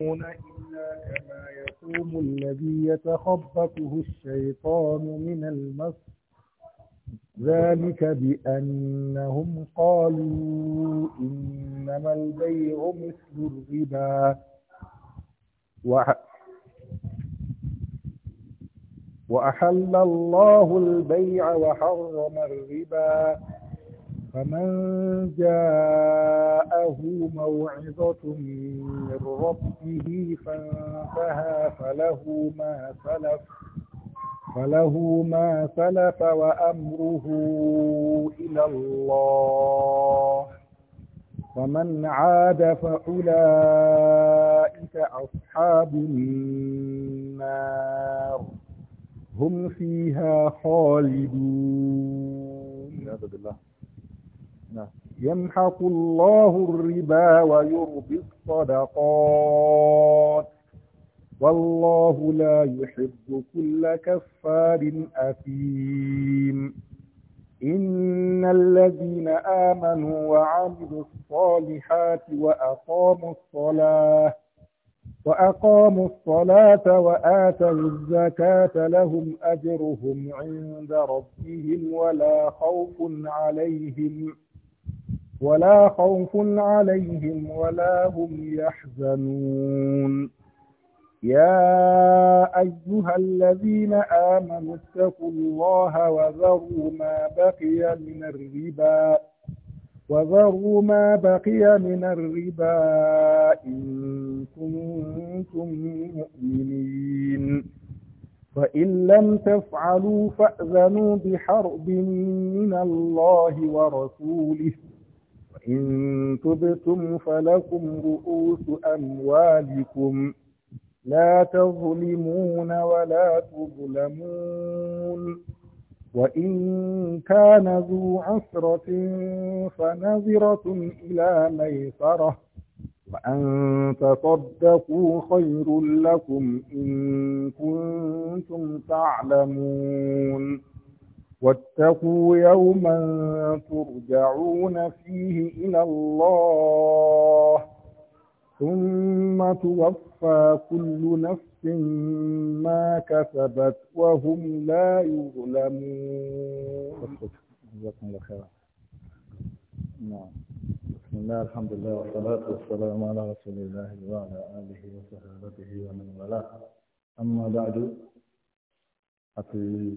إلا كما يقوم الذي يتخبطه الشيطان من المس ذلك بأنهم قالوا إنما البيع مثل الربا وأحل الله البيع وحرم الربا فمن جاءه موعظة من ربه فانتهى فله ما سلف فله ما سلف وأمره إلى الله ومن عاد فأولئك أصحاب النار هم فيها خالدون نعم. يمحق الله الربا ويربي الصدقات والله لا يحب كل كفار أثيم إن الذين آمنوا وعملوا الصالحات وأقاموا الصلاة وأقاموا الصلاة وآتوا الزكاة لهم أجرهم عند ربهم ولا خوف عليهم ۖ ولا خوف عليهم ولا هم يحزنون يا أيها الذين آمنوا اتقوا الله وذروا ما بقي من الربا وذروا ما بقي من الربا إن كنتم مؤمنين فإن لم تفعلوا فأذنوا بحرب من الله ورسوله إن تبتم فلكم رؤوس أموالكم لا تظلمون ولا تظلمون وإن كان ذو عسرة فنظرة إلى ميسرة وأن تصدقوا خير لكم إن كنتم تعلمون واتقوا يوما ترجعون فيه إلى الله ثم توفى كل نفس ما كسبت وهم لا يظلمون جزاكم الله خيرا نعم بسم الله الحمد لله والصلاة والسلام على رسول الله وعلى آله وصحبه ومن والاه أما بعد أتي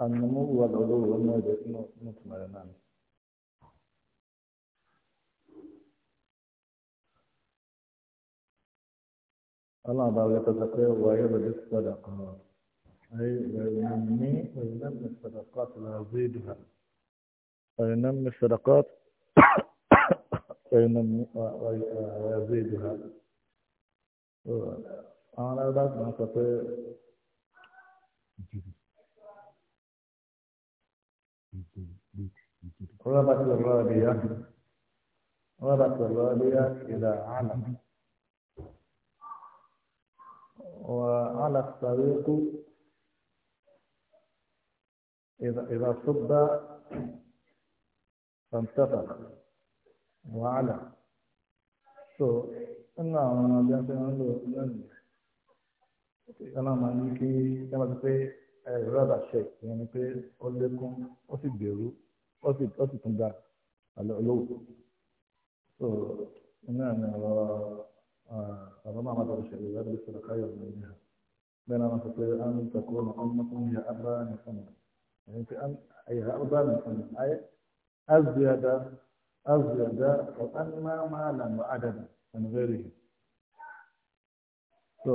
النمو والعلو والنهضة مطمئنان الله بعد يتذكر ويبدي الصدقات أي وينمي وينمي الصدقات ويزيدها وينمي الصدقات وينمي ويزيدها أنا أريد أن أستطيع رغبة الرابية رغبة الرابية إلى علق وعلى الطريق إذا إذا صب فانتفخ وعلى so nínú àwọn ọmọdé ṣe ń lò lónìí ìkànnà máa ń ní kí ẹ máa ti pé ẹ rọ́bà ṣe ìyẹn ni pé ó lékún ó sì gbèrú ó sì ó sì tún ga olówó so iná ni ọ̀rọ̀ ọ̀rọ̀ máa máa tọrọ ṣẹlẹ̀ lábẹ́ sọ̀rọ̀ káyọ̀ ní ìyá bẹ́ẹ̀ náà wọ́n sọ pé a ń tọkọ ọmọ ọmọ ọmọ ya abá ní ọmọ ẹ̀yìn pé ẹ̀yà abá ní ọmọ ayé azuyada azuyada ọ̀tán máa máa lànà àdàdà ọ̀nà rẹ̀ so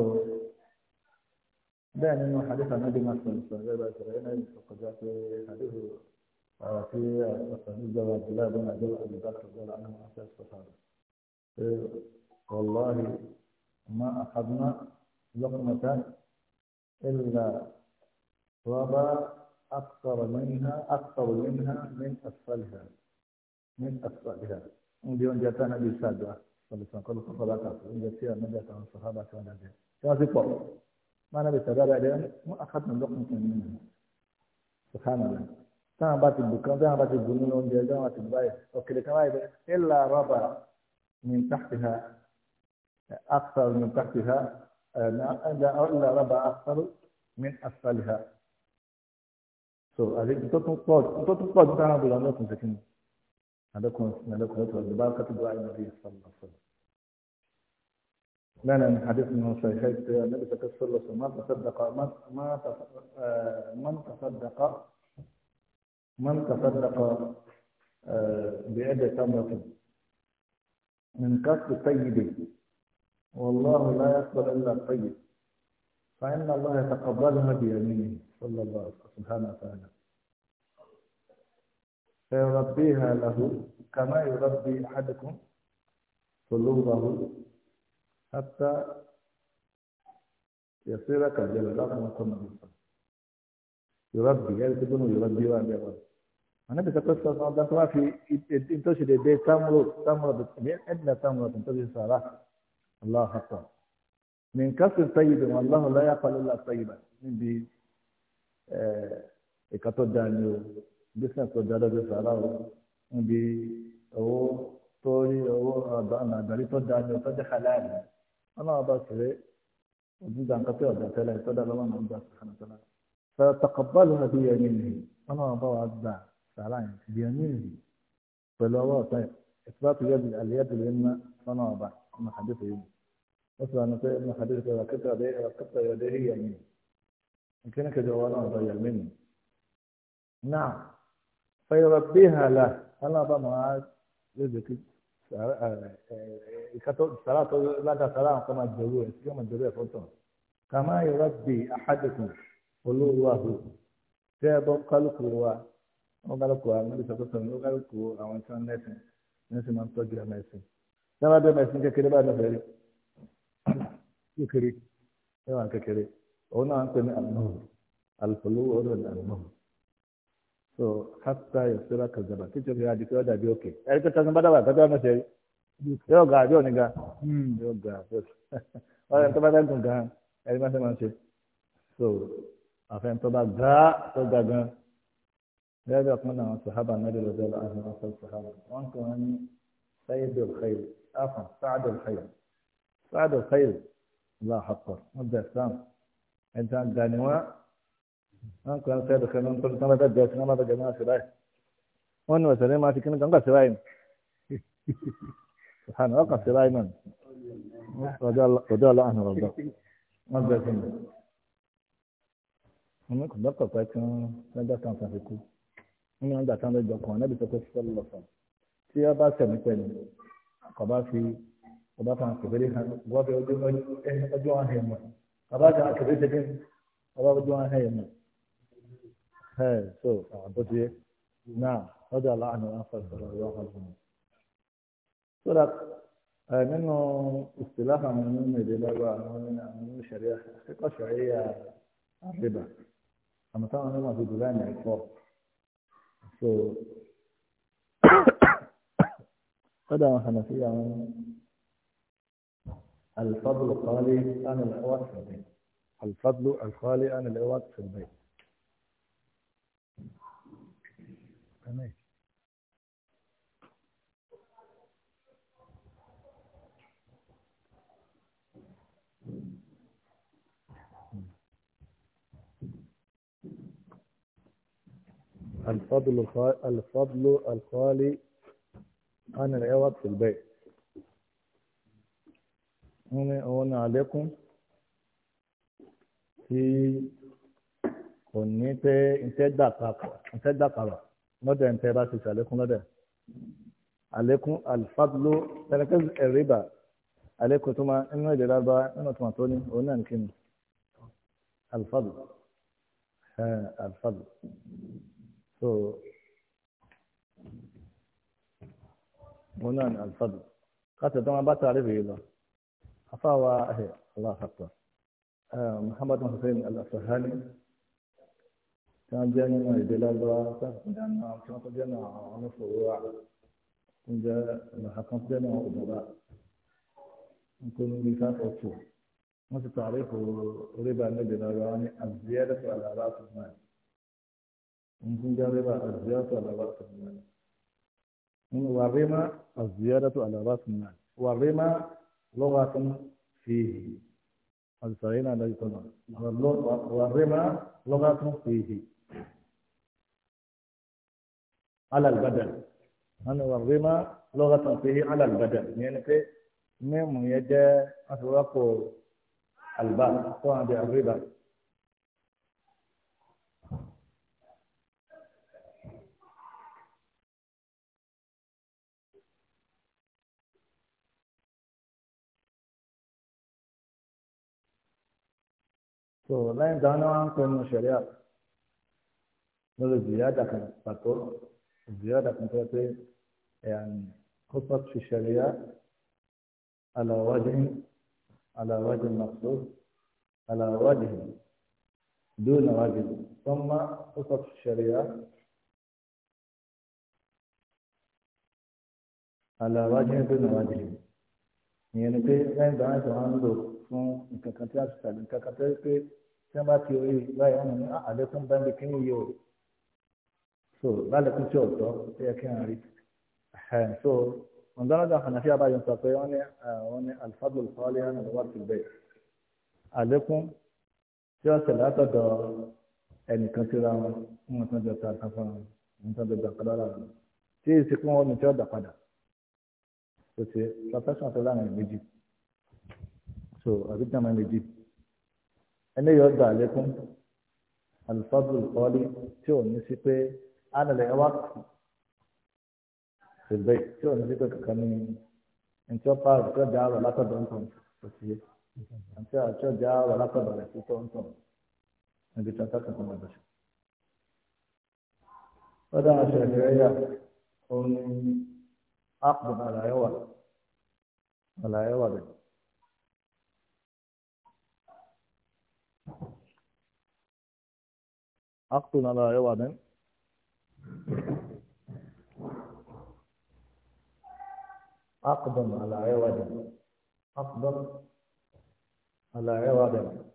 bẹ́ẹ̀ nínú hadith anabi masu sọ̀rọ̀ bẹ́ẹ̀ bá sọ̀rọ̀ yẹn náà ìfọ̀kọ̀já pé hadith في أسانيد عبد الله بن أبي بكر رضي الله عنه أحد الصحابة والله ما أخذنا لقمة إلا ربا أكثر منها أكثر منها من أسفلها من أسفلها اليوم جاتنا صلى الله عليه وسلم صلى الله عليه وسلم إن جاتنا نجات الصحابة كان هذا كان في ما نبي سبب ما أخذنا لقمة منها سبحان الله táwọn bá ti bù kan táwọn bá ti bù nínú oúnjẹ táwọn bá ti bù báyìí ọ̀kẹ́lẹ̀ kan báyìí bẹ́ẹ̀ ilà rọ́bà min tahtiha akthar min tahtiha ilà rọ́bà akthar min asfaliha. so àti tó tún pọ̀ tó tún pọ̀ táwọn bù lọ́nà ọ̀tún sẹ́kìn àdókùnrin àdókùnrin tó ọ̀dọ̀ bá kàtúbọ̀ àìmọ̀dé sọ̀rọ̀ sọ̀rọ̀. لنا من حديث من صحيحات النبي صلى الله عليه وسلم ما تصدق ما من تصدق من تصدق آه، بيد تمرة من كسب طيب والله لا يقبل إلا الطيب فإن الله يتقبلها بيمينه صلى الله عليه وسلم سبحانه وتعالى فيربيها له كما يربي أحدكم قلوبه حتى يصير كجلد رقم كنا يربي يعني يربي وعلي يربي النبي صلى الله عليه وسلم في انتوش دي دي تمرد تمرد عندنا تمرد انتوش صلاة الله أكبر من كسر طيب والله لا يقبل إلا طيبا من بي إكاتو دانيو بسنا تودارو دي صلاة من بي أو توري أو أدانا داري تو دانيو تو دي حلال أنا أباسري وجود عن قطيع ذات لا يتدى لما من ذات سبحانه وتعالى فتقبلها بيمينه أنا أبا أتبع sàrà yẹn bí ẹni ìrì pẹ̀lú ọwọ́ ọ̀tọ́ yẹn ìtìbátù yẹ bi àlẹ́yẹ́dù lè ná fọ́nà ọba ọmọ àdéhùn yìí wọ́n sọ wọn pé ọmọ àdéhùn yìí rọ̀kẹ́tà ọ̀dẹ́ rọ̀kẹ́tà ọ̀dẹ́ yìí yẹn nkíni kẹjọ wọn náà ọ̀dọ̀ yẹn mẹ́nu. náà fẹ́yọ̀rọ̀ bí hàlà aláàbà máa lè dèkí sàrà tó lága sàrà àwọn kọ́mà jẹ̀rú ẹ̀ sí kọ́mà jẹ̀rú ẹ̀ fọ́tọ̀ kàmá yọ̀rọ̀ bí àhàdùkù olówó àhù tẹ́ ẹ bọ́ kálukú wa ó kálukú àmì sọ́kọ́sọ́ ní ó kálukú àwọn tí wọ́n nẹ́sìn nẹ́sìn máa ń tọ́jú ẹ̀ mẹ́sìn tí wọ́n bá bẹ́ẹ̀ mẹ́sìn kékeré bá dọ̀fẹ́ rí kékeré ẹwà kékeré òun náà ń pè ní àlùmọ́ọ̀ àlùfọ̀lówó ọ̀rọ̀ ní àlùmọ́ọ̀ so hata yosera kazaba títí fi adi pé ó dàbí òkè ẹni tó kazaba dàbà kátó ọmọ ṣe yóò ga àbí òní hmm. ga yóò ga ọ̀rẹ́ tó bá dẹ́gùn gan ẹni máa ṣe máa لهذا قلنا عن الصحابة النبي رضي الله عنهم أصل الصحابة وأنتم أني سيد الخير عفوا سعد الخير سعد الخير لا حقر مدة سام أنت دانوا أنكم أنا سيد الخير أنتم كما تدرس كما تجمع سراي وأنا وسري ما تكن كم سراي سبحان الله قص سراي من رضي الله رضي الله عنه رضي مدة سام أنا كنت بقى كان كان كان في nínú àgbà tán lọ́jọ́ kan náà bí sọ pé sọ́lọ́ lọ́sọ̀ tí wọ́n sẹ̀mí pẹ̀lú kò fi hàn wọ́n fi ọjọ́ wọn hẹ̀ mọ́ kò bá fàn kẹfẹ́ ọjọ́ wọn hẹ̀ ẹ̀ so àbótí náà lọ́jọ́ aláàánú wọn fà sọ̀rọ̀ yọ ọ̀hún fún mi. so that eh, nínú ìsìlá àwọn nínú èdè lọ́wọ́ àwọn nínú ṣẹ̀ríà so lọ́dọ̀ àwọn hànàfíà الفضل الخالي عن العواد في البيت الفضل الخالي عن العواد في البيت تمام الفضل الفضل الخالي عن العوض في البيت هنا هنا عليكم tí kò ní pé ntẹ́ dà papọ̀ ntẹ́ dà papọ̀ lọ́dẹ̀ ntẹ́ bá ti sàlékún lọ́dẹ̀ àlékún alifadlo tẹnikẹ́sì ẹ̀rìbà àlékún tó máa nínú ìdílé àgbà nínú tó máa tó ní òun náà nìkíni alifadlo ẹ̀ alifadlo so wọn náà ní alifadu káàtì tó wọn bá tààrí rèé lọ afáwa ẹ eh, eh, muhammadu hussein al-asahani tí wọn jẹ na èdè lágbára tí wọn na jẹ náà na onífòwò wa na jẹ ìlànà kan na jẹ náà òbúra nítorí bí na tù wọn ti tààrí fún rébà ní èdè lágbára ní àzíyẹ́dẹ́fọ́ na tó náà. in ja riba az-ziyadatu ala ra'sil mal in wa rima az-ziyadatu ala ra'sil mal wa rima lughatun fihi al-sarina la yutama wa rima lughatun fihi ala al-badal ana wa rima lughatun fihi ala al-badal yani ke memu yaja aswaqu al-ba to ande al-riba tó lẹ́yìn tí wọ́n wá ń pè nínú sẹ̀ríà lórí ziyada kan pàtó ziyada kan tó pé قصص في الشريعة على وجه على وجه مخصوص على وجه دون وجه ثم قصص في الشريعة على وجه دون وجه يعني في غير دعاء سبحان الله فون كاكاتي أبسط كاكاتي tí wọ́n bá ti rí báyìí wọ́n ní ah, àlékún bá ń bí kíní yìí o so lálẹ́kún tí ọ̀tọ̀ tó yẹ kí wọ́n rí so ọ̀dọ́nàdà ànàfíà bá yọ̀ sọ pé wọ́n ní wọ́n ní alifábùl kọ́lé wọn ní wọ́n ti bẹ̀ àlékún tí wọ́n ṣẹlẹ̀ látọ̀dọ̀ ẹnìkan síra wọn wọn tán jọ ta kan fún wọn wọn tán jọ gbà padà lára wọn tí èsì kún wọn ní tí wọ́n dà padà so ti professional tó láàrin méjì so àbí eléyìí ọgbà àlékún alùpàdù kọ́lí tí ò ní sí pé ánàlẹ́ wá ṣègbè tí ò ní sí pé kankan ní ntọ́pá ìtọ́jà ọ̀rọ̀ látọ̀dọ̀ ntọ̀n òsì yẹ àti àtọ́jà ọ̀rọ̀ látọ̀dọ̀ rẹ̀ tó ntọ̀n níbi tí o tẹ́sán fún ọ̀dọ̀ ṣe. lọ́dọ̀ àwọn ṣẹ̀ṣẹ̀ rẹ̀ yà ó ní àpò àlàyé wà àlàyé wà rẹ̀. عقد على عوض أقدم على عوض أقدم على عوض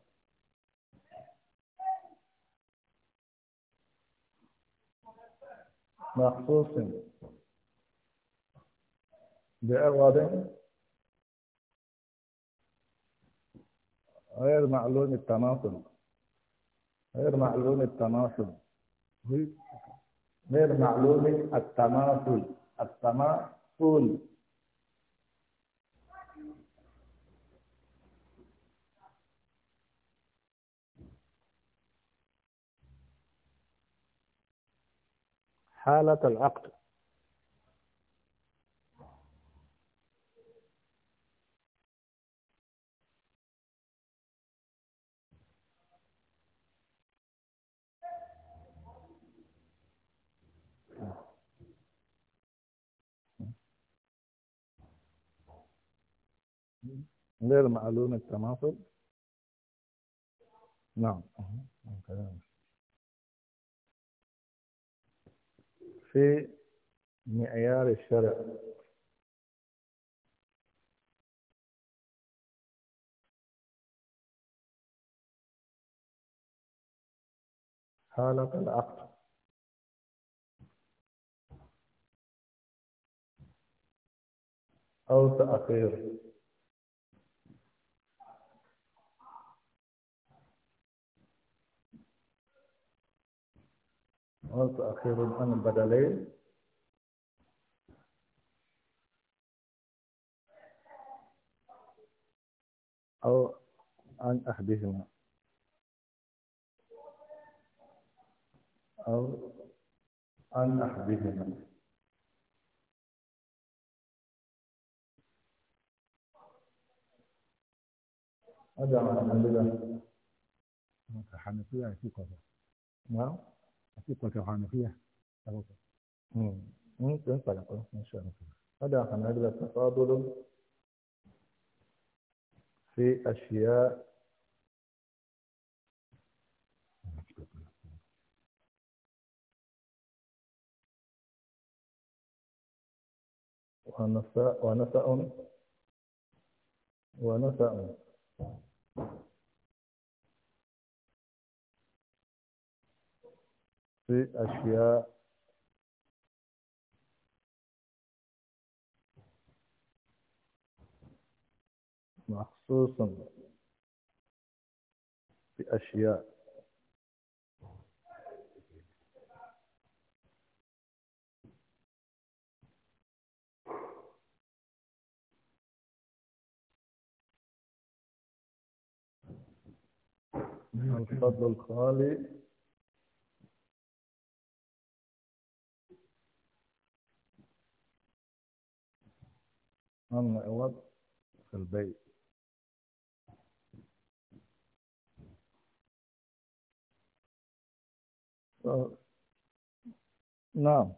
مخصوص بعوض غير معلوم التناصب غير معلوم التناسل غير معلوم التناسل التناسل حالة العقد غير معلوم التناسب نعم في معيار الشرع حالة العقد أو تأخير قلت أخيرا أنا البدلين أو عن أحدهما أو عن أحدهما هذا عن الحنبلة الحنبلة في قضاء نعم في قطع حنفية ممكن فلقه إن شاء الله هذا أخنا هذا التفاضل في أشياء ونساء ونساء ونساء في أشياء مخصوصا في أشياء من الفضل الخالي أما العوض البيت آه. نعم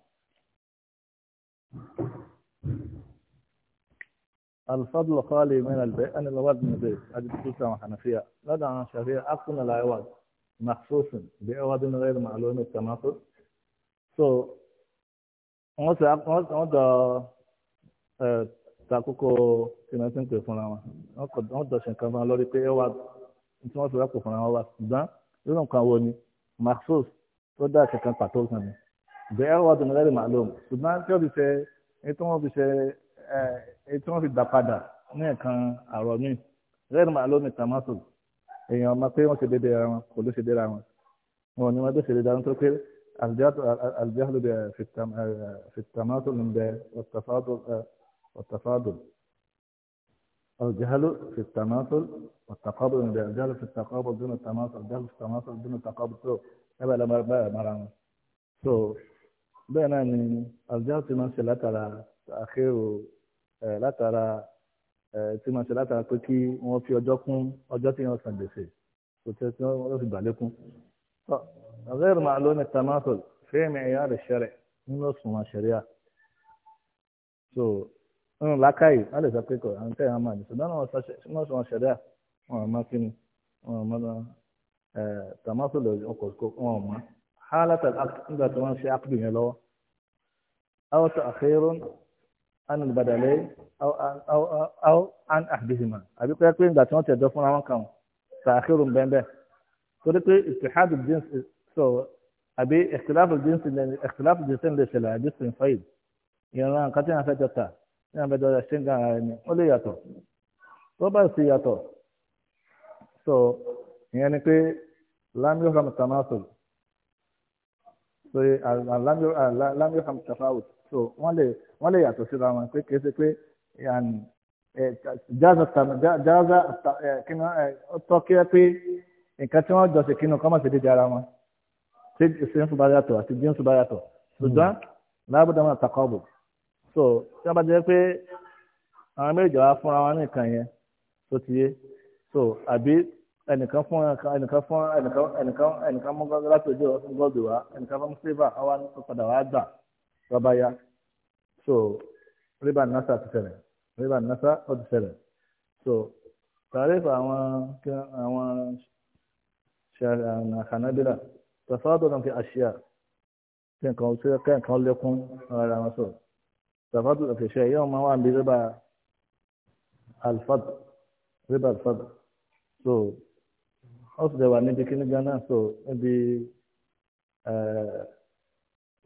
الفضل خالي من البيت أنا العوض من البيت هذه خصوصا وحنفية لا دعنا شافية أقصنا العوض مخصوصا بعوض غير معلومة التناقض so once once takókò tìmọ̀tì ń pè fúnra wọn wọ́n dọ̀ṣẹ̀ nǹkan fún wọn lórí pé ẹwà tí wọ́n fi rẹ́pò fúnra wọn wá ṣùgbọ́n irú nǹkan wo ni maxos tó dá ẹ̀ṣẹ̀ kan pàtó kan ni bẹ́ẹ̀ ẹwà tó ń rẹ́rì màlúù ṣùgbọ́n tí wọ́n fi ṣe èyí tí wọ́n fi ṣe èyí tí wọ́n fi dà padà ní ẹ̀kan àrọ̀ mi rẹ́rì màlúù ní tamaso èèyàn ọmọ pé wọ́n ṣe dédé ara wọn kò ló ṣe déra wọn wọn ni wọ́n tó ṣe dédé ara wọn tó pé الجهل في التماثل من والتفاضل والتفاضل الجهل في التماثل والتقابل الجهل في التقابل دون التماثل الجهل في التماثل دون التقابل سو هذا لما بقى مرام so بقى الجهل في ماشي لا ترى تأخير آه، لا ترى آه، في màá لا ترى pé kí في fi ọjọ́ kún ọjọ́ tí wọ́n san gbèsè kò tẹ́ غير معلوم التماثل في معيار الشرع nínú òṣùwọ̀n ṣẹ̀ríà. so ń lákàyè á lè sọ pé kò àwọn tẹ̀yàn máa nìṣó dáná wọn sọ wọn ṣẹ̀dá wọn àmọ́ kí ni wọn àmọ́ tàmásù lọ ọkọ̀ wọn àmọ́ hálàtà nígbà tí wọ́n ṣe ákùdù yẹn lọ́wọ́ àwọn tó àkérò ánì gbàdàlẹ́ àwọn àn àdìsímà àbí pé pé nígbà tí wọ́n tẹ̀dọ́ fúnra wọn kàn tàkérò bẹ́ẹ̀ torí pé ìtìhádù jíǹsì sọ àbí ìkìláfù jíǹsì lè ní abẹ́jọ́ rẹ̀ ṣé ń gan ara ẹni ó lè yàtọ̀ tó bá sì yàtọ̀ so ìyẹn ni pé lamio ham tamasul so lamio lamio ham tafawut so wọ́n lè wọ́n lè yàtọ̀ síra wọn pé kìí ṣe pé jaza jaza kínú tọ́kíẹ́ pé nǹkan tí wọ́n jọ ṣe kínú kọ́ mọ̀ sí dídí ara wọn ṣé ìṣẹ́yìn fún bá yàtọ̀ àti jíǹsì bá yàtọ̀ hmm. ṣùgbọ́n lábùdá wọn bò so tí wọ́n bá jẹ́ pé àwọn méjì wá fúnra wọn nìkan yẹn tó ti yé so àbí ẹnìkan fún ẹnìkan fún ẹnìkan ẹnìkan ẹnìkan mú gọ́gọ́ láti ojú gọ́ọ̀dù wá ẹnìkan fún sílvà ọwọ́ padà wá gbà lọ́ba ya so rìbá nasa ti ṣẹlẹ̀ rìbá nasa ó ti ṣẹlẹ̀ so tàrífà àwọn àwọn ṣàkànábìlà tàfáàdọ̀ náà fi àṣìyà kí nǹkan lẹ́kún ara wọn sọ̀rọ̀. تفضل في شيء يوم ما وان بربا الفضل ربا الفضل so ó sì dẹ̀wà níbi kíní gan náà so níbi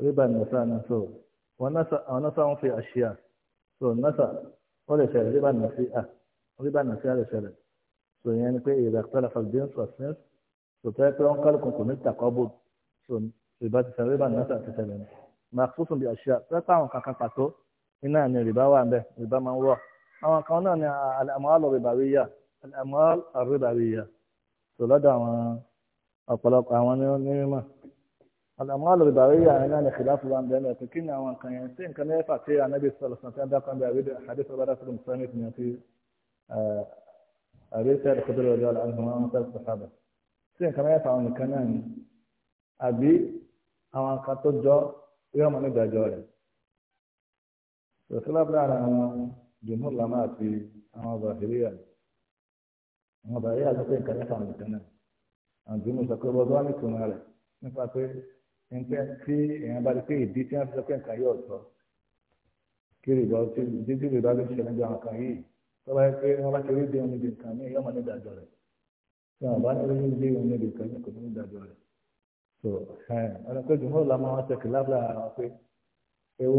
ribà nìsa náà so wọn nasa wọn fi àṣìyà so nasa ó lè ṣẹlẹ̀ ribà nìsíà ribà nìsíà lè ṣẹlẹ̀ so ìyẹn ni pé ìrẹ̀ pẹ́lẹ̀ fàlùdíńsì ọ̀sìn so tẹ́lẹ̀ pé wọ́n kálukú kò ní takọ́bù so ribà ti ṣẹlẹ̀ ribà nìsà ti ṣẹlẹ̀ ní màkúsùn bí àṣìyà tẹ́lẹ̀ pé àwọn kankan pàtó iná ni rìbá wà bẹ́ẹ̀ rìbá máa ń wọ̀ àwọn kan náà ni al-amwal ar-ribawiyya al-amwal ar-ribawiyya tó lọ́dọ̀ àwọn ọ̀pọ̀lọpọ̀ àwọn onímọ̀ al-amwal ar-ribawiyya iná ni kìláàfù wà bẹ́ẹ̀ mẹ́ẹ̀kì kí ni àwọn kan yẹn tí nǹkan mẹ́fà tí anábì sọ̀rọ̀ sàn tí a dákan bí àrídẹ́ àdéṣọ́ bá dáṣọ́ mùsùlùmí sẹ́mi fi hàn àríṣẹ́ àdìkọ́tọ́lọ́ ọjọ́ àlùmọ́ tí nǹkan mẹ́fà ìrọ̀sílá bí ara àwọn jùmọ̀ làmá àti àwọn bàhíríà àwọn bàhíríà ló pé nǹkan nípa àwọn ìtàn náà àwọn jùmọ̀ sọ pé bọ́dọ̀ wà ní ìtumọ̀ rẹ̀ nípa pé nípa tí èèyàn bá rí pé ìdí tí wọ́n fi sọ pé nǹkan yóò sọ kí rìbọ tí dídí rìbọ ló ṣẹlẹ̀ bí àwọn kan yìí tó bá yẹ pé wọ́n bá ti rí déun níbi nǹkan ní yọmọ ní ìdájọ́ rẹ̀ tí wọ́n bá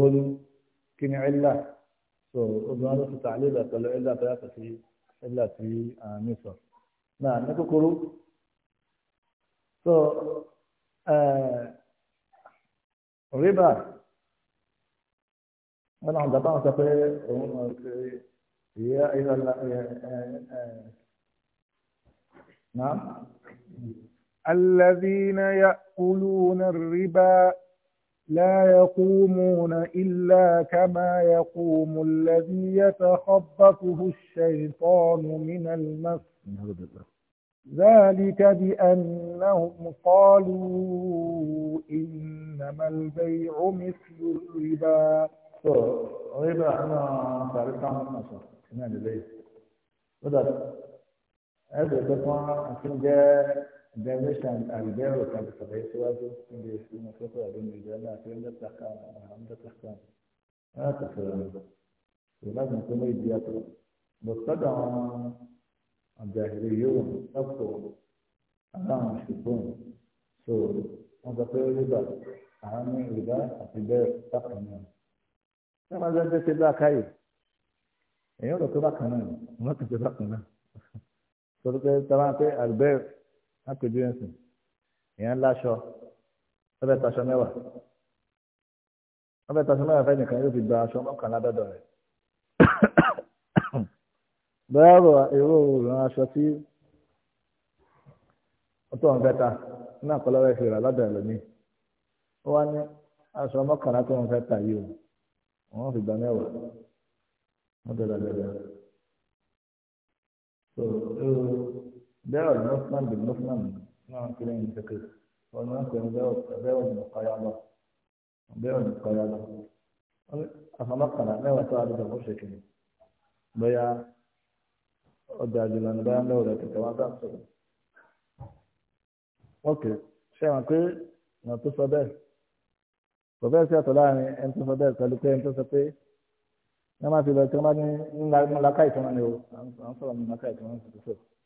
rí déun níbi kí ni ẹ̀là so obìnrin ló fi tààlé rẹ̀ pẹ̀lú ẹ̀là tó yàtọ̀ sí ẹ̀là tí a ní sọ. náà ní kúkúrú so rìbá wọn àwọn bàbá wọn sọ pé òun náà ṣe ìyá ìrọ̀lá نعم الذين يأكلون الربا لا يقومون إلا كما يقوم الذي يتخبطه الشيطان من المس ذلك بأنهم قالوا إنما البيع مثل الربا الربا احنا تعرفنا عن النشر سمعنا ليه بدأت هذا ما عشان جاء dimension albero kan da sabai siwaju inda ya fi masu kwa abin da idan na fiye da tsaka a hamda tsaka na ta fiye da ولازم يكون يدياته مبتدع الجاهليون نفسه أنهم يشركون سو هذا في الربا أهم الربا في بيع تقنية كما زاد في الربا كاي يقول لك تبقى كمان ما كنت تبقى كمان سو طبعا في البيع lápèjú ẹ̀sìn èèyàn láṣọ ọbẹ̀ taṣọ mẹ́wàá ọbẹ̀ taṣọ mẹ́wàá fẹ́ nìkan yóò fi gba aṣọ mọ́kànlá dọ́dọ̀ rẹ̀ bẹ́ẹ̀ rọ èrò ìran aṣọ tí ọtọ́ ń fẹ́ ta náà kọ́ lọ́wọ́ ìfìrà lọ́dọ̀ ẹlòmíì ó wá ní aṣọ mọ́kànlá tó ń ta yìí o wọ́n fi gba mẹ́wàá wọ́n dọ̀dọ̀ dọ̀dọ̀ بيع المسلم بالمسلم نعم كده ينتقل والمسلم بيع بيع المقايضة بيع المقايضة أفلقنا ما وسائل الغش كده بيع ọ̀dàjù lọ́nà bá ń lọ rẹ̀ kẹ̀kẹ́ wọn tàbí sọ̀rọ̀. ok ṣe wọn pé ọ̀nà tó sọ bẹ́ẹ̀ kò fẹ́ sí ọ̀tọ̀ láàrin ẹni tó sọ bẹ́ẹ̀ pẹ̀lú pé ẹni tó sọ pé wọ́n máa fi lọ tí wọ́n bá ní ńlá káì tí wọ́n ní o à ń sọ̀rọ̀ ńlá káì tí wọ́n ń sọ̀rọ̀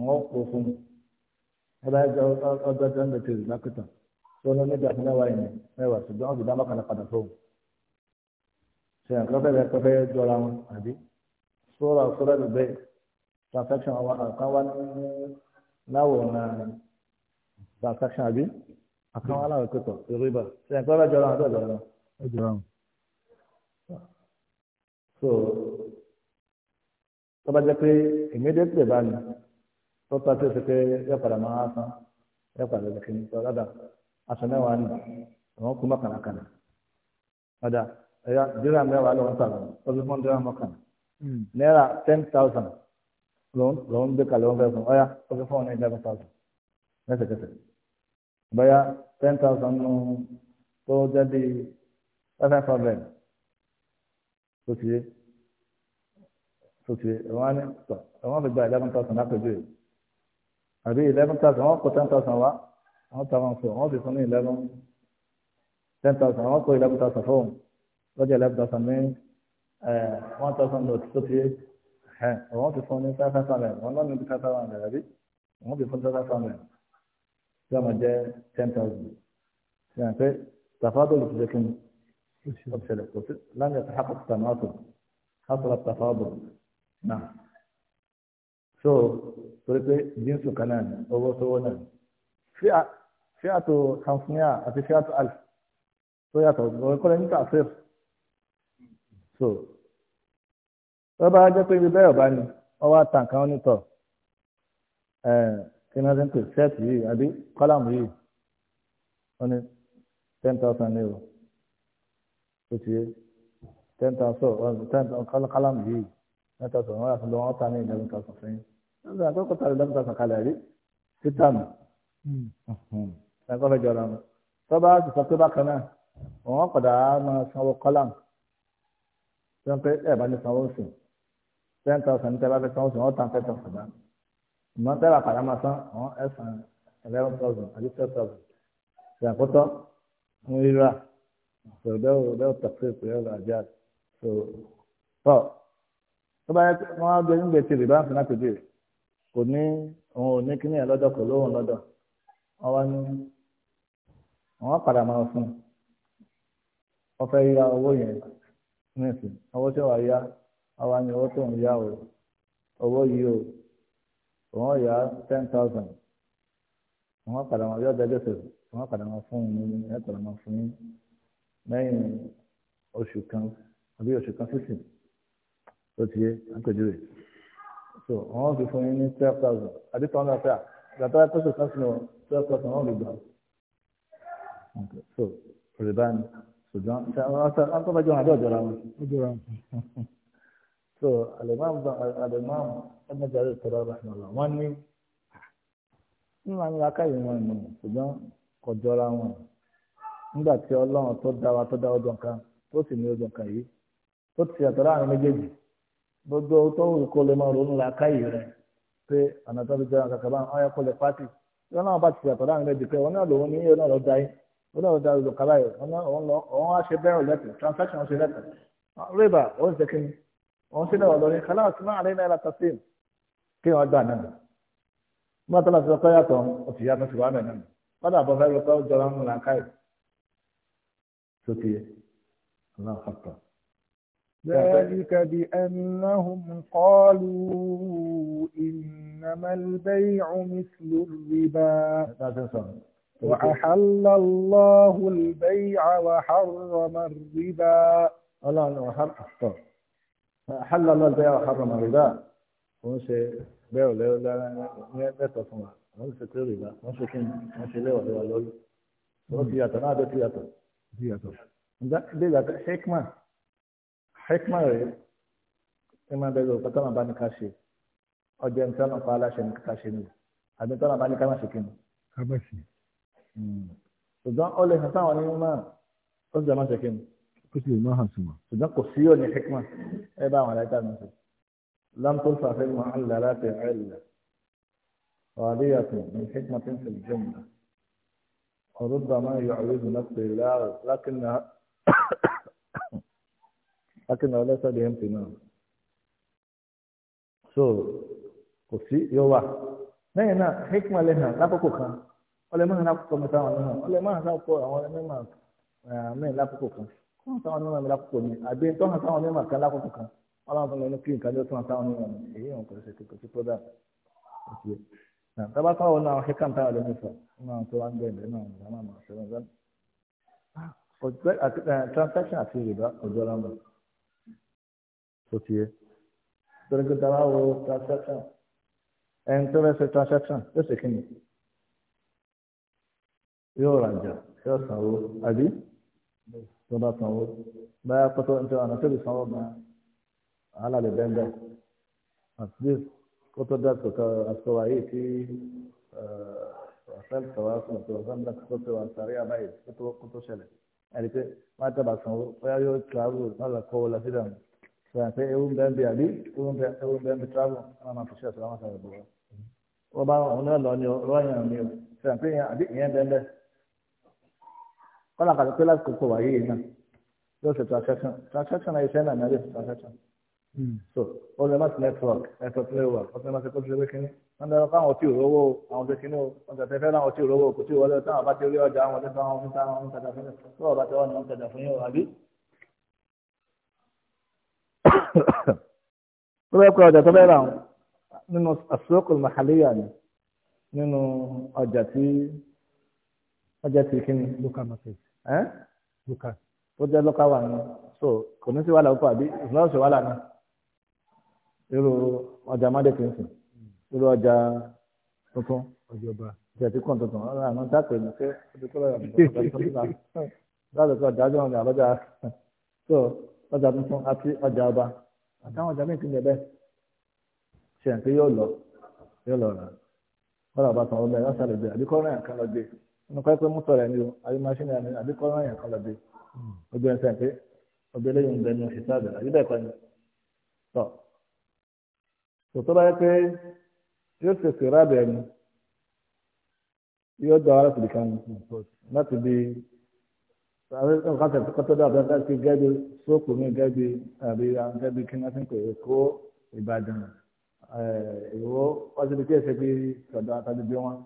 wọn kó fún ẹbá ọjọ́ tó ń bẹ tèrè lákìtàn tó ní oníjà fún mẹ́wàá yìí mẹ́wàá ṣùgbọ́n wọn kò dá mọ́kànlá padà fóun ṣe àkọ́kọ́ bẹ̀rẹ̀ pẹ́pẹ́ jọra wọn àbí sóra sóra bẹ̀bẹ̀ transaction àwọn àkàn wá ní transaction àbí àkàn wá láwòrán pẹ̀tọ̀ ìrìbà ṣe àkọ́kọ́ bẹ̀rẹ̀ jọra wọn àbí ọ̀jọ̀ra wọn. so tó bá jẹ́ pé immediately bá ní tọ́ta tó ṣe pé yọ padà máa san yọ padà lè kí ni sọ lọ́dà aṣọ mẹ́wàá nì àwọn kú mọ́kànlá kànà lọ́dà ẹ̀yà dírà mẹ́wàá lọ́wọ́ sàrọ̀ tọ́jú fún dírà mọ́kànlá hmm. náírà ten thousand lòún gbé kalẹ̀ wọn fẹ́ fún ọ̀yà tọ́jú fún ọ̀nà eleven thousand lẹ́sẹ̀kẹsẹ̀ bóyá ten thousand nù tó jẹ́ bí five hundred tó ti tó ti ẹ̀wọ̀n á ní tọ̀ ẹ̀wọ̀n fi gba eleven thousand lápẹ̀jú yìí àbí eleven thousand wọ́n kó ten thousand wá wọ́n ta wọn fún un wọ́n sì fún ní eleven ten thousand wọ́n kó eleven thousand fún un lọ́jọ́ eleven thousand ní one thousand note tó ti wọ́n ti fún ní five hundred wọ́n lọ́nà ní five hundred àbí wọ́n ti fún ní five hundred tí wọ́n jẹ́ ten thousand ṣe hàn pé tàfádọ́ ló ti jẹ́ kí ni ó ti ṣẹlẹ̀ kò sí láti ẹ̀ka hapò tó tàmátò hapò tó tàfádọ́ náà so torí pé jíǹsù kan náà ni owó sówó náà ni fíàtò hanfúnyà àti fíàtò alf tó yàtọ̀ òun kọ́lẹ̀ ní tàfíìr so tó bá jẹ́ pé ibi bẹ́ẹ̀ ọ̀bá ni wọ́n wá tàn kan onítọ̀ kí ni wọ́n ti ń pè sẹ́ẹ̀tì yìí àbí kọ́làmù yìí wọ́n ní ten thousand euro ó ti yé ten thousand kọ́làmù yìí ten thousand wọ́n yà fún lọ́wọ́ wọ́n tà ní eleven thousand fún nígbà tó kọta rẹ̀ lọ́mọta sọ̀kalẹ̀ rí sítánù hmm. hmm. ẹ̀kọ́ fẹjọ́ ra wọn tọ́ba ti sọ pé bákan náà wọ́n padà máa sanwó kọ́làm tí wọ́n pé ẹ̀ bá ní sanwó sùn ten thousand tẹ́ bá fẹ́ sanwó sùn wọ́n tàn ten thousand náà ìmọ̀ tẹ́ bá padà máa san wọ́n ẹ̀ san eleven thousand àti twelve thousand ìyàkótọ́ ń rírà sọ̀rọ̀ bẹ́ẹ̀ tàkì ìpínlẹ̀ ọ̀rọ̀ àjà tó tọ́ tó bá yẹ kí wọ́n á gbé nígbèsè bá ń fi náà pèjì rè. kò ní òun ò ní kíní ẹ̀ kò lóhùn lọ́dọ̀ wá ní padà máa fún un owó yẹn owó tí wàá yá owó yá owó yìí o òun yá ten thousand Àwọn padà máa padà fún un ní padà máa fún oṣù kan àbí oṣù kan sísìn tó ti yé àpèjúwe. so àwọn fi fún yín ní twelve thousand àbí tọ́ náà fẹ́à gbàtà pẹ́sù kásìlò twelve thousand wọ́n lè gbà so rìbá ni ṣùgbọ́n wọ́n tọ́ bá jọ àdó ọ̀jọ̀ra wọn so alimam alimam ẹgbẹ́ jàre tọ́lá rahmanulah wọ́n ní nínú àwọn akáyè wọn ni ṣùgbọ́n kò jọra wọn nígbà tí ọlọ́run tó dá wa tó dá ọjọ́ nǹkan tó sì ní ọjọ́ nǹkan yìí tó ti yàtọ̀ láàrin méjèèjì gbogbo tóun kó lè máa ronú làákàyè rẹ pé ọ̀nà tó fi jẹun kàkà bá ń ọyọ kó lè pàtì wọn náà bá ti yàtọ̀ láàrin rẹ dìpẹ́ wọn náà lòun ní iye náà lọ da yín wọn náà lọ da olùkọ́ báyìí wọn náà wọn á ṣe bẹ́rù lẹ́tọ̀ transaction ṣe lẹ́tọ̀ rìbá ó ń sẹ́kìn wọn sílẹ̀ wà lórí kálá àti máa rí náírà tàfíìm kí wọn gbà náà nígbà tó láti sọ pé yàtọ̀ òtún yàtọ̀ sí wàhálà náà wọn dàbọ̀ fẹ́ lọ jọra ń làákàyè sókè aláǹfààní ذلك بأنهم قالوا إنما البيع مثل الربا وأحل الله البيع وحرم الربا الله أحل الله البيع وحرم الربا ونسي بيع له لا نتا سما ونسي تري لا ونسي كن ونسي له ولا لول ونسي يا تنا ده تي يا تنا تي يا تنا ده ده ده شيك ما hikma rẹ̀ ẹ máa bẹ̀rẹ̀ òkú tọ́nà bá ní ká ṣe ọjọ́ ní tọ́nà pa aláṣẹ ní ká ṣe ni àbí tọ́nà bá ní ká má ṣe kíni. kábàṣì. Hmm. ṣùgbọ́n ó lè hàn sáwọn onímọ̀ náà ó sì má ṣe kíni. ó sì má hàn sùnmọ́. ṣùgbọ́n kò sí òní hikma ẹ bá àwọn aláìta mi sọ. lámpó fàfẹ́ mọ́ àlá láti àìlè وعليكم من حكمة في الجنة وربما يعوز نفسه لكنها akínà ọlọ́sọ̀dẹ̀ mp náà so kò sí yóò wà lẹ́yìn náà hikma lẹ́hìn lákòókò kan ọlẹ́mọ̀ lákòókò mi táwọn náà ọlẹ́mọ̀ lákòókò àwọn mẹ́mà eh, mẹ́rin lákòókò kan kọ́ táwọn mẹ́mà mi lákòókò mi àbí tó hàn táwọn mẹ́mà kan lákòókò kan ọlọ́run tó lọ ní kí nǹkan ló tó hàn táwọn mẹ́mà mi èyí wọn kò ṣe kò sí pọ́dà òkè tábà táwọn náà hikam táwọn lẹ́mí sọ náà tó wá ń bẹ̀rẹ̀ náà eh, transaction àti rìbá ọjọ́ tó ti yẹ torí pé tàbá wo transaction ẹni tó fẹ́ ṣe transaction yóò ṣe kíni yóò rajà yóò sanwó àbí tó bá sanwó báyà pọ́tọ́ ní ọ̀nà tó lè sanwó gan wàhálà lè bẹ́ẹ̀ bẹ́ẹ̀ at least kó tó dá kòtò àsọ wáyé tí ọ̀sán tọ́wá fún ọ̀tọ̀ ọ̀sán náà kó tó wà sáré àbáyé kó tó ṣẹlẹ̀ ẹni pé má tàbá sanwó bóyá yóò travel má lọ kọ́ wọlé sídàmù. fẹ́ ewu ń bẹ ń bẹ i ewu ń bẹ ewu ń bẹ ń bẹ travel wọn máa fi ṣe ọ̀sán wọn sáré bọ̀ wọn mi o fẹ́ pé abi ìyẹn bẹ́ẹ̀ bẹ́ẹ̀ kọ́nà kàtó pé láti kókó wáyé yìí náà yóò ṣe transaction transaction ayé sẹ́nà náà yóò transaction hmm. so ó lè má network network network ó lè má sí kó ṣe wékiní wọn lọ fún àwọn tí ò rówó àwọn tó o wọn tẹ̀sẹ̀ fẹ́ láwọn tí ò rówó kò tí ò tó bẹ́ẹ̀ pé ọjà tó bẹ́ẹ̀ rà nínú àsúrọ́kọ̀ màhàlíyà ni nínú ọjà tí ọjà tí kí ni. local market. ẹ́ local. tó jẹ́ local wà ní so kò ní sí wàhálà púpọ̀ àbí ìfúnná ọ̀sẹ̀ wàhálà náà irú ọjà mádẹ́kìnsìn irú ọjà tuntun ọjọba ìjẹ̀tí kan tuntun ọ̀rọ̀ àná dápẹ́ ní pé ọdúnkọ́lọ́ ọjà tuntun àti ọjà ọba àtàwọn ọjà mẹ́tì ń bẹ̀ ṣe hàn pé yóò lọ yóò lọ rà kọ́lá ọba tán ọmọ ẹ̀ wọ́n sàlẹ̀ gbé àbíkọ́rọ́ yẹn kan lọ gbé wọn kọ́ pé mọ́tò rẹ̀ ni o àbí máṣínì àmì àbíkọ́rọ́ yẹn kan lọ gbé obìnrin sàn pé obìnrin yìí ń bẹnu ìṣàbẹ̀ àbí bẹ́ẹ̀ kọ́ ni tọ́ tòótọ́ bá yẹ pé yóò ṣèṣe rábẹ̀ ni yóò dọ̀ ara nǹkan tẹ̀ kọ́tọ́ dà bẹ́ẹ̀ kí gẹ́bí sóòpù mi gẹ́bí àbí gẹ́bí kí wọ́n ti ń pè é kó Ìbàdàn ìwọ ọsibí tí èsè bí ọ̀dọ̀ àtàlẹ́ bí wọn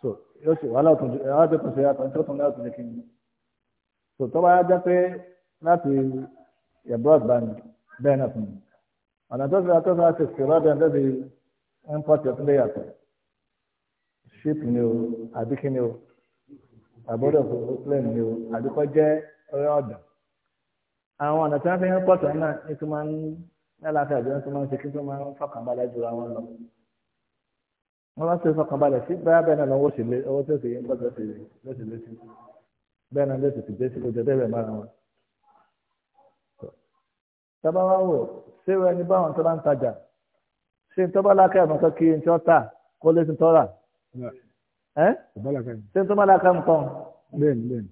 so yóò ṣe wàhálà ọ̀tún alábẹ́ tó ṣe àtúntò tó ń láti ní kíni so tọ́ba yá jẹ́ pé láti yàgbọ́ àgbàní bẹ́ẹ̀ náà fún mi ọ̀nà tó ṣe àtúntò láti ṣèwádìí ọ̀dọ̀ ẹ̀ńdẹ́bí ẹ̀ńpọ̀tì ọ̀tún lè yàtọ̀ ṣíìpù ni àbọ̀dọ̀ fún muslim ni o àdúkọ́ jẹ́ ọ̀rẹ́ ọ̀dọ̀ àwọn ọ̀nà tí wọ́n fi ń pọ̀tọ̀ náà ní tó máa ń lálàáfíà bí wọ́n tó máa ń ṣe kí tó máa ń fọkànbalẹ̀ jura wọn lọ wọ́n máa ń ṣe fọkànbalẹ̀ sí bẹ́ẹ̀ bẹ́ẹ̀ náà lọ́wọ́ sílé owó tó sì ń gbọ́dọ̀ sí lọ́sílẹ́sí bẹ́ẹ̀ náà lọ́sì tìbẹ́ sí kọjá bẹ́ẹ̀ mára wọn. tọ́ba wá wò ṣé wọ́n ẹni báwọn tó bá ń tajà ṣé tọ́ba lákẹ́ àmọ́kọ́ kí n tí wọ́n tà kó lé sí tọ́ra ẹ́ ṣé tó bá lákà ń kàn. bẹ́ẹ̀ni bẹ́ẹ̀ni.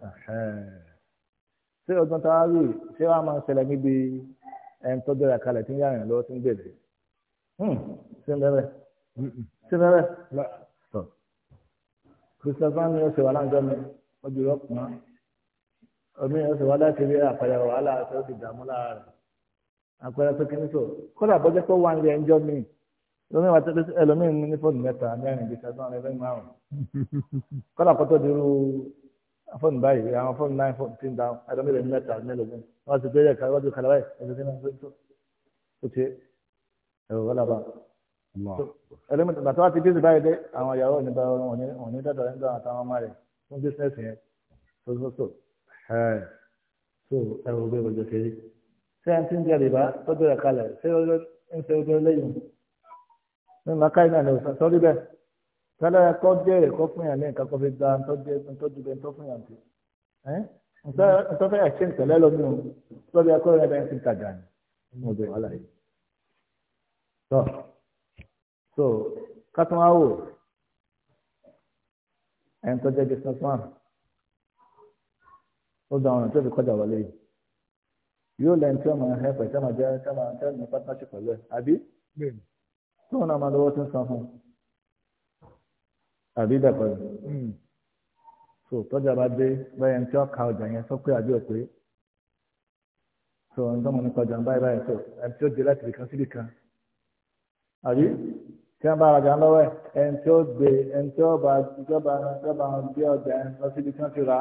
ṣé ọdún tá a rí ṣé wàá máa ń ṣẹlẹ̀ níbi ẹni tó dẹ̀rẹ̀ kalẹ̀ tí ń yára yàn lọ́wọ́ tí ń bèrè. ṣé ń bẹ̀rẹ̀ ṣé ń bẹ̀rẹ̀. Christopher ni ó ṣe wà láǹjọ́ mi ó jù omi ó wà láti rí àpẹẹrẹ wàhálà àti ó ti lára àpẹẹrẹ pé kí ni sọ kódà bọ́jẹ́ pé wà ń lé ẹjọ́ míì lómi wa tẹ́lẹ̀ ẹlòmíì ní fóònù mẹ́ta mẹ́rin bíi tẹ̀sán ẹgbẹ́ márùn-ún kọ́lá kọ́tọ́ di irú fóònù báyìí àwọn fóònù náà fóònù tí ń da ẹlòmíì lè ní mẹ́ta mẹ́lòmíì wọ́n ti gbéyẹ̀ ká wọ́n ti kàlẹ́ báyìí ẹ̀sìn tí wọ́n tó tó tiẹ̀ ẹ̀rọ wọ́n làbà. ẹlòmíì bàtà wá ti bí báyìí dé àwọn ìyàwó ní báyìí òní dàdọ̀ ẹ̀ ń dọ̀ àtàwọn ọmọ rẹ̀ fún bísíǹsì yẹn tó tó tó ẹ̀rọ gbé nínú akáyí náà ní òsán sọ́rí bẹ́ẹ̀ tẹ́lẹ̀ kọ́ jẹ́rẹ̀ kọ́ fún yàn ní nǹkan kọ́ fi gba ntọ́jú bẹ́ẹ̀ ntọ́ fún yàn tó ntọ́ fẹ́ ẹ̀ṣẹ́ ìtẹ̀lẹ́ lọ nínú sọ́rí akọ́rẹ́ rẹ̀ bẹ́ẹ̀ ti tajà ní inú ọdẹ wàhálà yìí. tọ́ so kátó wá wò ẹni tó jẹ́ business man ó da ọ̀nà tó fi kọjá wọlé yìí yóò lẹ́yìn tí wọ́n máa ń hẹ́pẹ̀ tí wọ́n máa jẹ́ tí wọ́n máa ń tẹ́lẹ̀ ní partnership pẹ̀lú ẹ̀ àbí tó náà máa lọ́wọ́ tí ń san fún un àbí dàpọ̀ rẹ̀ hmm. so tọ́jà bá dé báyẹn tí wọ́n ka ọjà yẹn sọ pé àbí ọ̀pẹ́ so ń tọ́mọ nípa ọjà báyìí báyìí so ẹni tí ó dé láti ibìkan síbì kan àbí tí wọ́n bá ọjà lọ́wọ́ ẹ̀ ẹni tí ó gbé ẹni tí ó bá ìjọba ìjọba bí ọjà ẹ̀ lọ síbi tí ti ra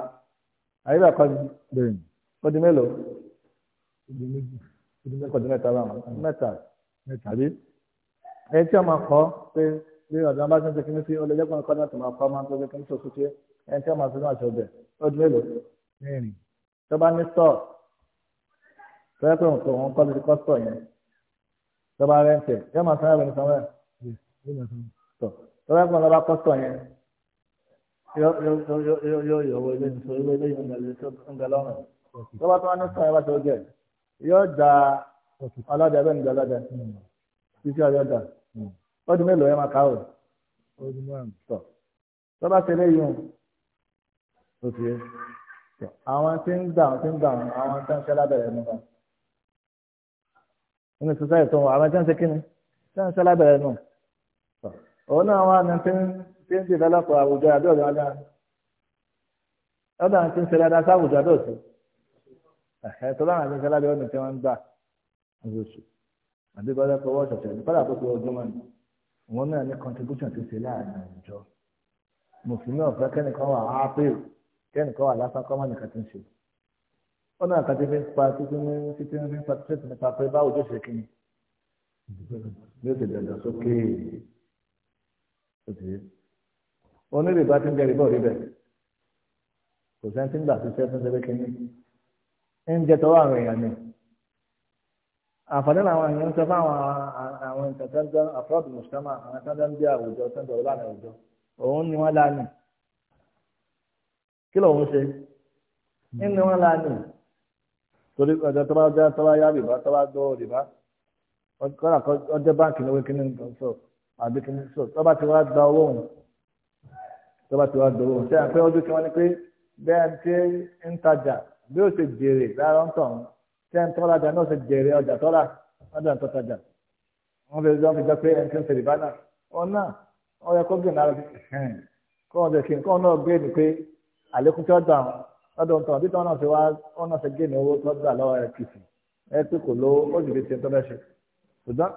àbí dàpọ̀ rẹ̀ ó di mélòó ó di méjì ó di mẹ́ta mẹ́ta àbí ẹni tí wọ́n máa kọ́ pé bí ọ̀dọ́ bá ti ń ṣe kíní sí olè jẹ́kùn kọ́ náà tó máa kọ́ máa ń tó ṣe kíní tó ṣe ẹni tí wọ́n máa sínú àṣọ ọbẹ̀ ọdún mélòó mẹ́rin tó bá ní stọọ tó yẹ pé òun tó òun kọ́ lórí kọ́sítọ̀ yẹn tó bá rẹ́ǹtì yóò máa sanwó ẹ̀rọ sanwó ẹ̀ tó yẹ pé òun lọ́ba kọ́sítọ̀ yẹn yóò yọ̀wọ̀ ilé ìṣòro ilé ìgbàlọ́rùn tó bá tó wá ní stọọ yẹn bá ṣe títí ọjọ́ dà hmm. ọdún mélòó ẹ máa kà ó ọdún márùn tọ tó bá ṣe léyìn o ti yẹ tọ àwọn tí ń gbà tí ń gbà àwọn tí ń ṣe lábẹ́rẹ́ nù wa nínú sọsáyì tó àwọn tí ń ṣe kíni tí ń ṣe lábẹ́rẹ́ nù tọ òun náà wà ní tí ń tí ń dìvẹ́lọ́pọ̀ àwùjọ àbí ọ̀dọ́ ọ̀dọ́ ọ̀dọ́ tí ń ṣe dáadáa sáwùjọ àbí òsì ẹ̀hẹ́ tó láwọn àti ń ṣe lábẹ́rẹ́ àbí bọ́lá fọwọ́ ṣọ̀ṣẹ̀ ní kọ́lá tó fi ọdún wọn wọn náà ní contribution ti ṣe láàrin àwùjọ mùsùlùmí ọ̀fẹ́ kẹ́nìkan wà á pè ó kẹ́nìkan wà lásán kọ́mọ́ nìkan ti ń ṣe ó náà kàtí fi ń pa títí ní títí ní pa títí nípa pé báwo ló ṣe kíni yóò ṣe dàgbà sókè òtí onírè bá ti ń jẹrìí bọ̀ rí bẹ́ẹ̀ kò sẹ́ńtì ń gbà ṣiṣẹ́ tó ń ṣe pé kíni ń àǹfààní làwọn èèyàn sọ fún àwọn àwọn ìtẹ̀tẹ̀jọ́ àfúrọ́dù mùsùlùmá àwọn tẹ́jọ́ ń bí àwùjọ tẹ́jọ́ ọ̀rọ̀ láàrin àwùjọ òun ni wọ́n lánìí kí lóun ṣe ń ni wọ́n lánìí torí ọjọ́ tó bá jẹ́ tó bá yá rìbá tó bá gbọ́ rìbá kọ́lá ọjọ́ báńkì lówó kíní sọ àbí kíní sọ tó bá ti wá gba owó òun tó bá ti wá gba owó òun ṣé àpẹ́ ọdún kí wọ́n ní pé bẹ́ẹ̀ ń tí ẹn tọ́ra jà náà ṣe jèrè ọjà tọ́ra ọjà ń tọ́ta jà wọ́n fi wọ́n fi jọ pé ẹn tí ń ṣe rìbá náà wọn náà wọ́n yẹ kó gbìn náà kó wọn ṣe kí nǹkan náà gbé ni pé àlékún tí wọ́n dà lọ́dọ̀ ń tàn bí tọ́wọ́n náà ṣe wá wọ́n náà ṣe gé ní owó tó dà lọ́wọ́ rẹ̀ kìsì ẹ pé kò lówó ó ṣe tó ṣe ṣùgbọ́n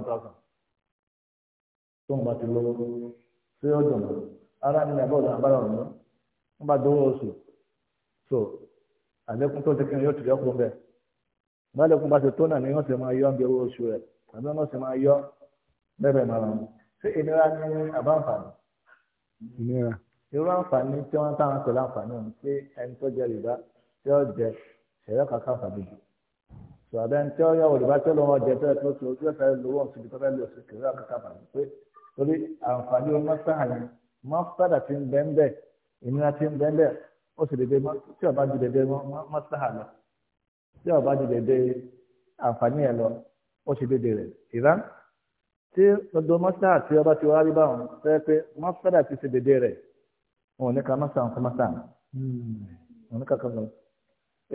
ẹ kó tó ń bá ti lówó ṣé ó dùn ara ní àbọ̀dọ̀ àbára ọ̀nà ń bá oṣù so àlékún tó ti kí ni yóò tìjọ́ kún bẹ́ẹ̀ bálẹ̀kún bá ti tó náà ni wọ́n máa yọ ń owó oṣù rẹ̀ àbí yọ bẹ́ẹ̀ máa rán ṣé ìnira ní àbáǹfààní ìnira irú àǹfààní tí wọ́n táwọn pẹ̀lú àǹfààní ọ̀hún ẹni tó jẹ rìbá tí ó jẹ ẹ̀rọ kàkà tí ó yọ òrìbá tí ó lọ́wọ́ torí àǹfààní ọmọ sáà yẹn mọ́sádà ti ń bẹ́ńbẹ́ ìnira ti ń bẹ́ńbẹ́ ó sì dédé tí ọba ju dédé mọ́sáà lọ tí ọba ju dédé àǹfààní ẹ̀ lọ ó sì dédé rẹ̀ ìrá tí gbogbo mọ́sáà tí ọba ti wá rí báwọn fẹ́ pé mọ́sádà ti ṣe dédé rẹ̀ wọn ò ní ka mọ́sáà ń fún mọ́sáà wọn ò ní ka kankan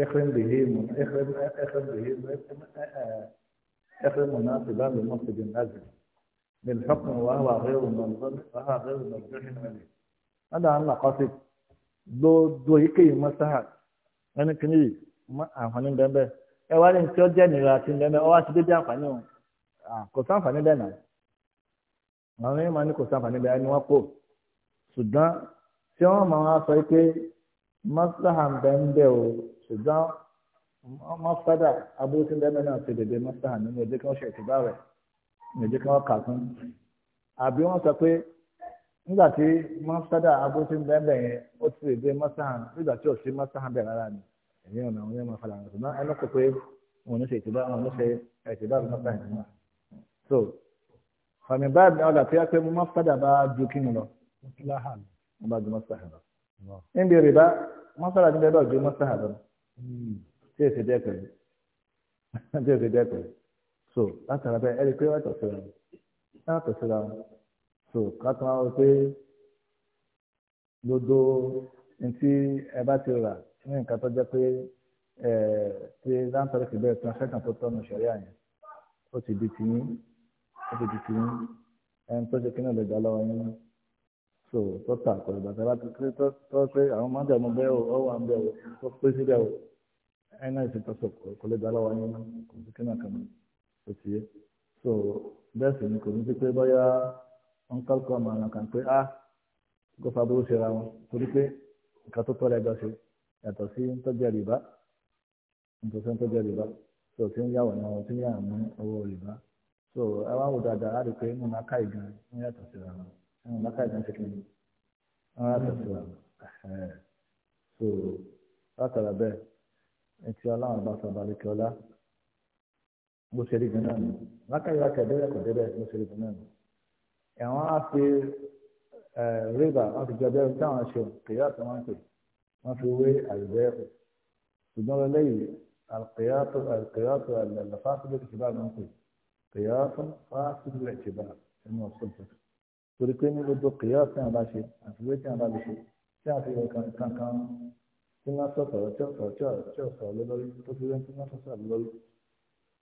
ẹ̀kẹ́ ń bèèrè mu ẹ̀kẹ́ ń bèèrè mu ẹ̀kẹ́ ń bèèrè mu ẹ̀kẹ́ ń bèèrè mu náà ti bá mi mọ́ بالحكم وهو غير ملزم وهو غير ملزم عليه هذا أنا قصد دو دو يكي مسحة أنا كني ما أفهم بمن ẹ wá ní tí ó jẹ́ ìnira ọ wá ti dé bí àǹfààní o kò sáǹfààní bẹ́ẹ̀ náà àwọn yẹn máa ní kò sáǹfààní bẹ́ẹ̀ ni wọ́n kò ṣùgbọ́n tí wọ́n máa sọ pé mọ́sáhà ń bẹ ń ìyẹn jẹ́ kí wọ́n kà fún àbí wọ́n sọ pé nígbà tí mọ́sádà agbóṣe ń bẹ́ẹ̀ bẹ́ẹ̀ yẹn ó ti lè dé mọ́sáhàn nígbà tí ò sí mọ́sáhàn bẹ́ẹ̀ rárá ni ẹ̀yìn ọ̀nà òun yẹn máa falà nígbà náà ẹnu kò pé òun ní ṣe ìtìbá òun ní ṣe ìtìbá òun mọ́sáhàn yìí náà so fàmì báyìí ni ọ̀dà tó yẹ pé mọ́sádà bá ju kí ni lọ wọ́n bá ju mọ́sáhàn lọ níbi rìbá mọ́sádà ti bẹ́ẹ̀ bá ju mọ́sáhàn lọ hmm. tí èsì so látara bẹ́ẹ̀ ẹ rí i pé wọ́n tọ̀síra wọn wọ́n tọ̀síra wọn so kátó wọn wọ́n pé gbogbo ntí ẹ bá ti rà ní nǹkan tó jẹ́ pé ẹ ti láǹtọ̀rọ̀ kì bẹ́ẹ̀ tán sẹ́kàn tó tọ́nu ṣẹ̀rí àyàn ó ti di tìyín ó ti di tìyín ẹni tó ṣe kí náà lè dá lọ́wọ́ yín so tó ta àkọlù bàtà bá ti kí tó tó pé àwọn mọ́tò ọmọ bẹ́ẹ̀ o ọwọ́ àwọn bẹ́ẹ̀ o tó pé síbẹ̀ o ẹni náà ti tọ́ sọ kò lè dá lọ́wọ́ yín kò sí kí náà kàn mọ́ ó ti yé so bẹ́ẹ̀ sì ni kò ní sí pé bóyá wọ́n ń kálukọ́ ọmọ àwọn kan pé ah gọ́fà burú ṣe ra wọn torí pé nǹkan tó tọ́lẹ̀ gbọ́ ṣe yàtọ̀ sí ń tọ́jú rìbá nítorí ń tọ́jú rìbá so tí ń yàwọ̀ náà tí ń yà mú owó rìbá so ẹ wá wò dáadáa láti pé nínú aká ìgbà ń yàtọ̀ síra wọn nínú aká ìgbà ń ṣe kí ni ń yàtọ̀ síra wọn so látara bẹ́ẹ̀ etí ọlọ́run bá sọ balẹ̀ kí ọlá bó ṣe rí gan náà nù lákàyè akẹ́dẹ́rẹ́ kò débẹ̀ bó ṣe rí gan náà nù. ẹ̀wọ̀n á fi rìbà wọn fi jọjọ táwọn ṣe kìyà tó wọn pè wọn fi wé àlùbẹ́ ẹ̀kọ́ ṣùgbọ́n lẹ́yìn àkìyà tó àkìyà tó àlẹ́ fásitì ti bá wọn pè kìyà tó fásitì ti bá ẹnu ọ̀sán tó torí pé ní gbogbo kìyà tí wọn bá ṣe àti tí wọn bá lè ṣe tí wọn fi kankan tí wọn sọ̀tọ̀ tí wọn sọ̀tọ̀ tí wọn sọ̀tọ̀ lórí tó fi rẹ́ tí wọn sọ̀tọ̀ lórí.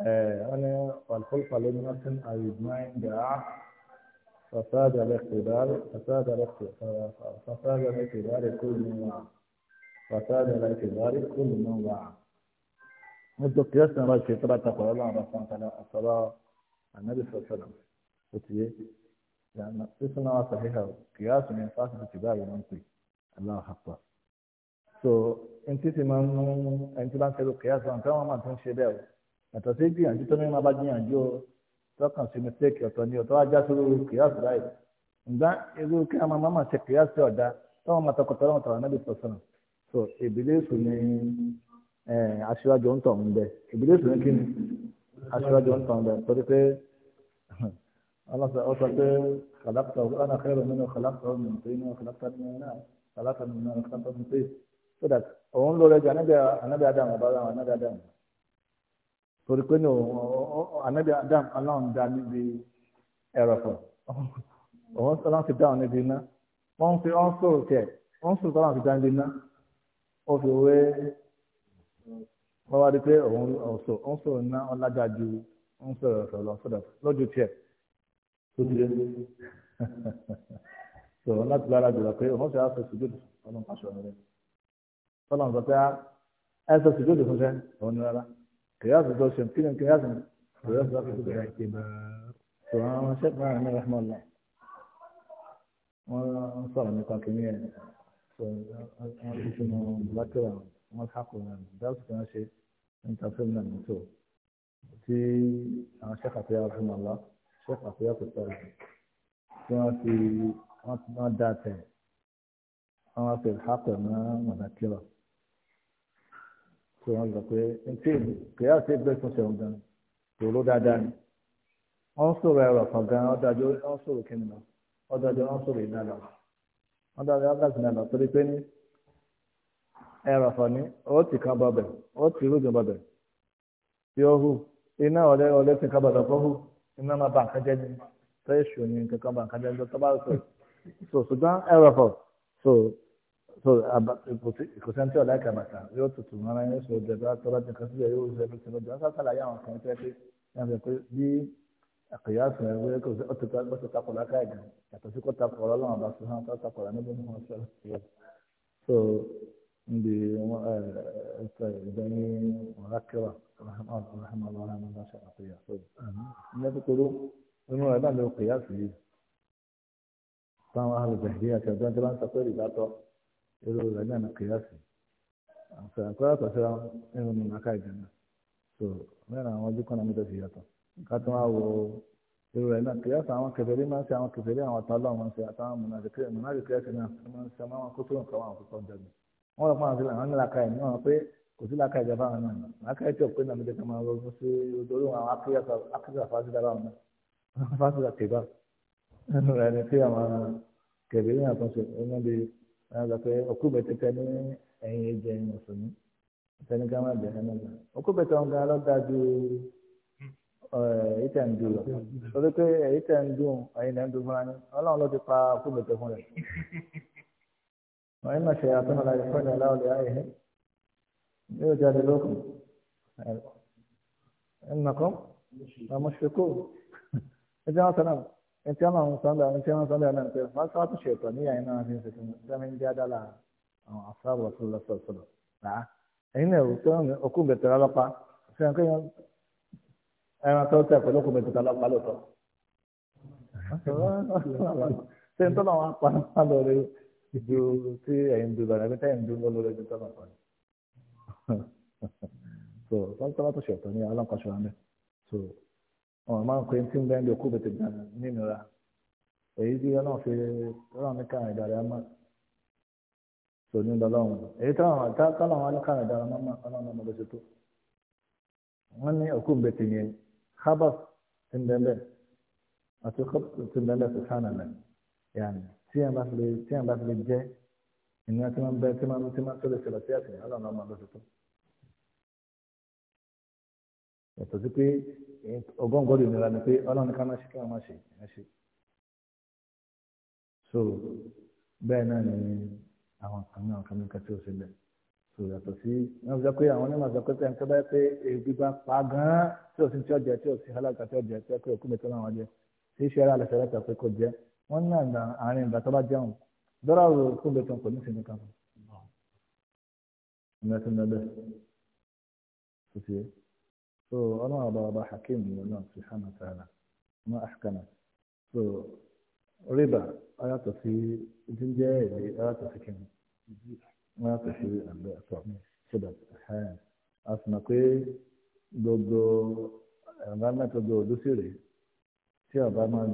أنا والخلفة لمنة أيدمين دعاء فساد الاقتدار فساد الاقتدار فساد الاقتدار كل نوع فساد الاعتبار كل نوع منذ قياسنا رأي في طلعة تقول الله رسول الله الصلاة النبي صلى الله عليه وسلم قلت لأن اسمها صحيحة قياس من أساس الاتباع المنطي. الله أكبر so انت تمام انت بان تقول قياس وانت ما تنشي بيه yàtọ̀ sí gbìyànjú tó ní máa bá gbìyànjú o tọkàn sí mistake ọ̀tọ̀ ni ọ̀tọ̀ ajá sí irú kìyàsí láì ǹgbà irú kí a máa máa ṣe kìyàsí ọ̀dá táwọn máa tọkọtọ lọ́wọ́ tọ̀rọ̀ náà bí pọ̀sọ̀nà so ìbílẹ̀sù ni aṣíwájú ń tọ̀ ń bẹ ìbílẹ̀sù ni kí ni aṣíwájú ń tọ̀ ń bẹ torí pé ọ sọ pé kàlákùtà ọ̀nà kẹrù nínú kàlákùtà ọ̀nà tó inú kàlákùtà nínú náà kàlákùtà nínú kàlákùtà nínú pé so that òun lórí ẹjọ anábẹ́ adáhùn ọ̀bá torí pé ní anabi adam aláwọn dá níbi ẹrọ̀fọ̀ òun sọlá ti dáhùn níbi iná wọ́n fi ọ́n sọ̀rọ̀ tẹ̀ wọ́n sọ̀rọ̀ tọ́lá ti dá níbi iná ó fi wé wọ́n wá di pé òun ọ̀sọ̀ òun sọ̀rọ̀ iná ọ̀làjà ju òun sọ̀rọ̀ ẹ̀fọ̀ lọ sọ̀dọ̀ lójú tiẹ̀ tó ti lé so láti lára jùlọ pé òun sọ̀rọ̀ àṣọ ìṣòjò ọlọ́run pàṣọ rẹ̀ tọ́lá ń sọ pé ah, ẹ sọ ìṣòjò قياس الدوشن كده قياس قياس أخذ الاعتبار فما شاء الله يعني رحمه الله وصار النقاط كمية الحق ملحق درس كان شيء انت وصلنا المنسوب في شيخ عطية رحمه الله شيخ عطية في الطالب كان في داته ما في الحق ما مذكره pé wọ́n lọ pé ntí kìí àti bẹ́ẹ̀ tún ṣe wọn gan ròró dáadáa ni wọ́n sọ̀rọ̀ ẹ̀rọ kan gan ọ̀dájọ́ wọ́n sọ̀rọ̀ kí ni lọ ọ̀dájọ́ wọ́n sọ̀rọ̀ ìlànà ọ̀dájọ́ ọ̀dájọ́ ìlànà torí pé ní ẹ̀rọ kan ní ó ti kan bọ̀bẹ̀ ó ti rúgbìn bọ̀bẹ̀ tí ó hù iná ọ̀lẹ́ ọ̀lẹ́ ti kan bọ̀bẹ̀ fọ́hù iná máa bà nǹkan ní fẹ́ẹ́ ṣù ní bà nǹkan ní tó bá sọ̀rọ̀ so kò sẹ́ni tí ọ̀la ẹ̀ka bàtà yóò tutù mọ́ra yóò sọ dẹ̀bẹ́ àtọ́lá nìkan síbẹ̀ yóò sọ ẹ̀fẹ̀ síbẹ̀ jọ́n sásàlà yà wọn kàn tẹ́ pé yà sọ pé bí àkèyà sùn ẹ̀ wẹ́ kò sí ọ̀tún tó gbọ́sọ̀ takọ̀ láká ẹ̀gàn yàtọ̀ sí kó takọ̀ ọlọ́run àbá sùn hàn tó takọ̀ rà níbi wọn sọ so ndì wọn ẹ ẹ ìdẹ́ni mọ̀lákẹ́wà rahman rahman èrò rẹ̀ náà nà kìyàsì àfẹ́ràn kọ́lá tàfẹ́ràn ẹ̀rọ ní màkà ìjànà so mẹ́rin àwọn ojú kọ́nà mẹ́tẹ̀ẹ̀sì yàtọ̀ ká tó wá wo èrò rẹ̀ náà kìyàsì àwọn kẹfẹ́rí máa ń ṣe àwọn kẹfẹ́rí àwọn àtàlọ́ àwọn ṣe àtàwọn mọ̀nàdìkẹ́ mọ̀nàdìkẹ́ náà máa ń ṣe àwọn kótó nǹkan àwọn àkókò ọ̀jọ̀ mi wọ́n rọ̀ fún àwọn àwọn nílaka ẹ̀ níwọ̀n pé kò sí laka ìjọba àwọn náà laka ẹ̀ tí ò pé náà mẹ́tẹ̀ẹ̀ta máa rọ fún sí orí àwọn akéwà fásitì àwọn náà fásitì àtẹ̀bá ẹni tí àwọn kẹfẹ́rí náà tó ń ṣe wọn sọ ní ẹ̀yìn ẹ̀jẹ̀ mùsùlùmí ìtẹ́ni ká má bẹ̀rẹ̀ nígbà òkú bẹ̀tẹ̀ wọn ju èyí lọ pé ẹ̀yìn ń dùn fúnra ní ọlọ́run ló ti pa òkú fún rẹ̀ wọn yìí má ṣe n'ala ìfọ́nì aláwọ̀lẹ̀ ayẹyẹ yóò jáde lókun ẹnìkan àmọ́ ṣe kó ẹjẹ́ wọn sọ náà. ẹni tí wọ́n máa ń sọ́ndà ẹni tí wọ́n sọ́ndà náà pé wọ́n sọ́wọ́ tó ṣe ìtọ̀ níyà iná àti ìṣètò sẹ́mi ń já dálà àwọn àfáàbọ̀ sọ̀rọ̀sọ̀rọ̀ rà á ẹ̀yin náà tó ń okú bẹ̀tẹ̀ lọ́pá ṣe ń kéèyàn ẹran tó tẹ̀ pẹ̀lú okú bẹ̀tẹ̀ lọ́pá lóòótọ́ ṣe ń tọ́nà wọn pa á lórí ju tí ẹ̀yin dùn lọ́rẹ̀ ẹ̀mí tẹ́yìn dùn so wọn máa ń pè tí ń bẹ́ẹ̀ bí okú bètè dànù nínúra èyí tí ọlọ́run fi ọlọ́run ní kàrin ìdàrẹ́ ọmọ tò ní lọ́lọ́run èyí táwọn táwọn alákàrin ìdàrẹ́ ọmọ máa ọlọ́run ọmọ bẹ́sẹ̀ tó wọ́n ní okú bètè yẹn habas ti ń bẹ́ẹ̀ bẹ́ẹ̀ àti okú ti ń bẹ́ẹ̀ bẹ́ẹ̀ sùsánà náà yàní tí a bá fi lè tí a bá fi lè jẹ́ ìní àti máa bẹ tí máa ń máa tó lè ṣẹlẹ̀ sí àtìyàn ọlọ́run ọmọ bẹ́sẹ̀ tó. yàtọ̀ ọgọ́ngọ́dì ìnira ni pé ọlọ́run ká má ṣe ká má ṣe ẹ so bẹ́ẹ̀ náà ni àwọn kan náà kan nǹkan tí ó ṣe bẹ́ẹ̀ so yàtọ̀ sí wọ́n sọ pé àwọn onímọ̀ sọ pé pé nǹkan báyìí pé ebi bá pa gan-an tí ò sí tí ó jẹ tí ò sí alága tí ó jẹ tí ó pé òkú mi tó láwọn jẹ tí í ṣe ara àlẹ́ sẹ́lẹ̀ tà pé kò jẹ wọ́n ní àná àárín ìgbà tó bá jẹun dọ́rọ̀ rò òkú mi tó kò ní sinmi kan fún ń lọ bẹ́ẹ̀ so ọlọ́run ọba ọba hakeem wọn náà so rìbá ayàtọ̀ sí jíjẹ́ èlé ayàtọ̀ sí kíni ayàtọ̀ sí àgbẹ̀ siri sódà a sì mọ̀ pé gbogbo environment eh, gbogbo òdúsí rèé tí ọba máa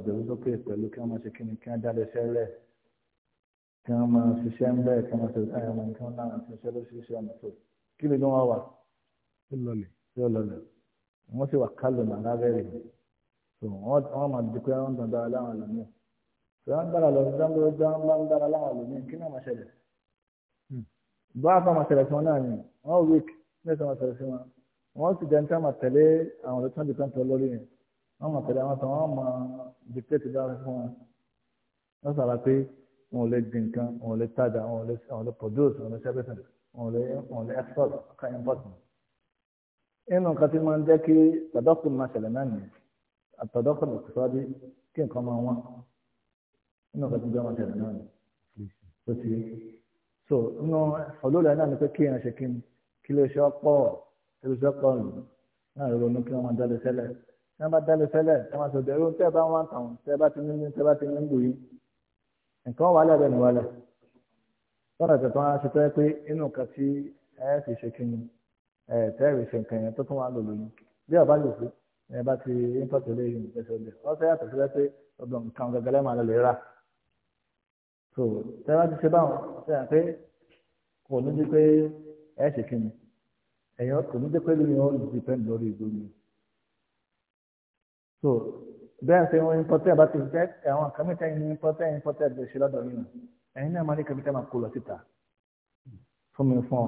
ń wọ́n sì wà kálù nàrà rẹ̀ so wọ́n wọ́n máa dúpẹ́ wọ́n dàn dára láwọn ẹlòmíràn so wọ́n dára lọ sí dáńdọ́rọ́ dáńdọ́ wọ́n dára láwọn ẹlòmíràn kí náà máa ṣẹlẹ̀ bá a fà máa ṣẹlẹ̀ sí wọn náà ni wọ́n wík mẹ́sàn-án máa ṣẹlẹ̀ sí wọn wọ́n sì jẹ́ níta máa tẹ̀lé àwọn ọ̀rẹ́ tí wọ́n dìpẹ́ ń tọ́ lórí yẹn wọ́n máa tẹ̀lé àwọn sàn wọ́n máa dìpẹ́ dára fún wọn wọ́n inú nǹkan tí máa ń jẹ́ kí tàdọ́kùn máa ṣẹlẹ̀ náà nìyẹn àtọ̀dọ́kùn ìtìsọ́dí kí nǹkan máa wọ́n inú nǹkan tí jẹ́ máa ṣẹlẹ̀ náà nìyẹn tó ti so inú olóòlù ẹ̀ náà ni pé kí èèyàn ṣe kí ni kí lè ṣe ọ̀pọ̀ kí lè ṣe ọ̀pọ̀ lù náà ló ronú kí wọ́n máa dálé sẹ́lẹ̀ tí wọ́n bá dálé sẹ́lẹ̀ tí wọ́n sọ dẹ̀rú tẹ́ bá wọn tàn fi ṣe ẹ tẹ́rì ṣe nǹkan yẹn tó tún wà lòlò yín bí ọba lò sí ẹ bá ti import ilé yìí nípa ìṣẹ̀lẹ̀ ọ̀sẹ̀ yàtọ̀ sí pé ọdún nǹkan gẹ́gẹ́lẹ́ máa lọ rà so tẹ́rì bá ti ṣe báwọn ṣe hàn pé kò ní di pé ẹ ṣe kí ni ẹ̀yàn kò ní di pé lóyún ó depend lórí ìgbó mi so bẹ́ẹ̀ ṣe wọ́n import ẹ̀ bá ti jẹ́ àwọn kan mìíràn ní import ẹ̀ import ẹ̀ ṣe lọ́dọ̀ yìí ẹ̀yin náà máa ní kẹ́mítẹ́ máa kó lọ síta fún mi fún ọ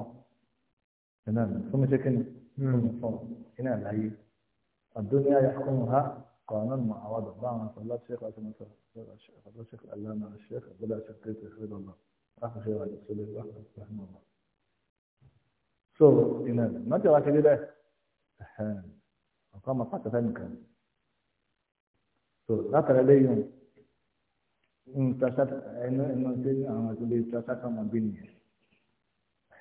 تمام ثم تكن ثم صوم هنا العيب الدنيا يحكمها قانون مع وضع ضعنا صلاة الشيخ عبد الشيخ العلامة الشيخ عبد الله شقيق رضي الله آخر شيء على رسول الله رحمه الله سو هنا ما ترى كده أقام حتى ثاني كان سو لا ترى يوم إن تشات إنه إنه تيجي أنا تقول تشات كم بيني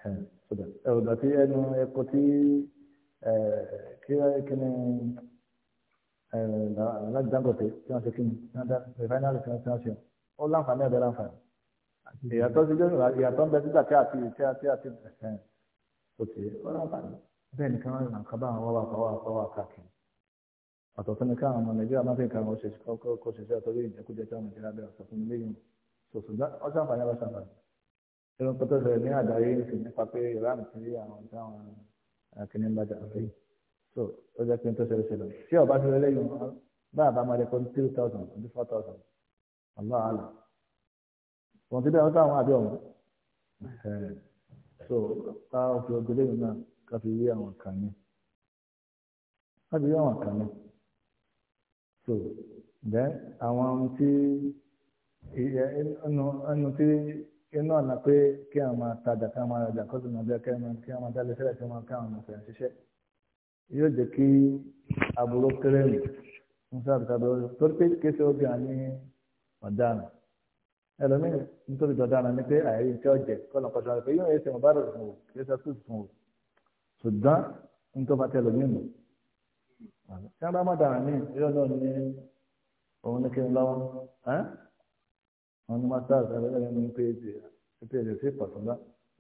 حلو sódà ẹ̀rọ̀dà tí ẹnu ẹ̀kọ́ tí kíni láti Dangote tí wọ́n ṣe kíni rìfáínàlì tí wọ́n ṣe ó láǹfààní ẹ̀bẹ̀ láǹfààní ìyàtọ̀ sí lónìí ìyàtọ̀ ń bẹ sí dàkẹ́ àti ìtẹ́ àti àti ẹ̀sẹ̀ ó láǹfààní bẹ́ẹ̀ kábà wà tó ń kọ́tọ́ sọ̀rọ̀ ní àdáyé ń sìn nípa pé ìran ti rí àwọn táwọn akíní eh, bá jà fẹ́ so ó jẹ́ pé ń tó ṣẹlẹ̀ ṣẹlẹ̀ tí ọba ti rẹ lẹ́yìn bá àbá máa rẹpọ̀ three thousand àbí four thousand allah allah wọn ti dáhùn táwọn àbí ọ̀hún so ká fi ọgbẹ́ lẹ́yìn náà ká fi rí àwọn kan ní ká fi rí àwọn kan so then àwọn tí eh, ẹnu tí inú ọ̀nà pé kí àwọn máa tajà kí àwọn máa rajà kọ́sùn náà bẹ́ẹ̀ kí àwọn máa dálé sílẹ̀ kí wọ́n káwọn máa fẹ̀yà ṣiṣẹ́ yóò jẹ́ kí aburú kéré nì ń sáà tó kábẹ́ ọ̀rọ̀ torí pé kéṣe obìnrin ní ọ̀daràn ẹlòmíràn nítorí ọ̀daràn ni pé àyè tí ọ̀jẹ̀ kọ́nà kọ́sùn náà yóò yẹ ṣe mo bá rẹ̀ fún o kí ẹsẹ̀ tó fún o ṣùgbọ́n ń tó wọ́n ní masters ẹlẹ́mẹ́lẹ́ ní phd phd sí pọ̀tùnbá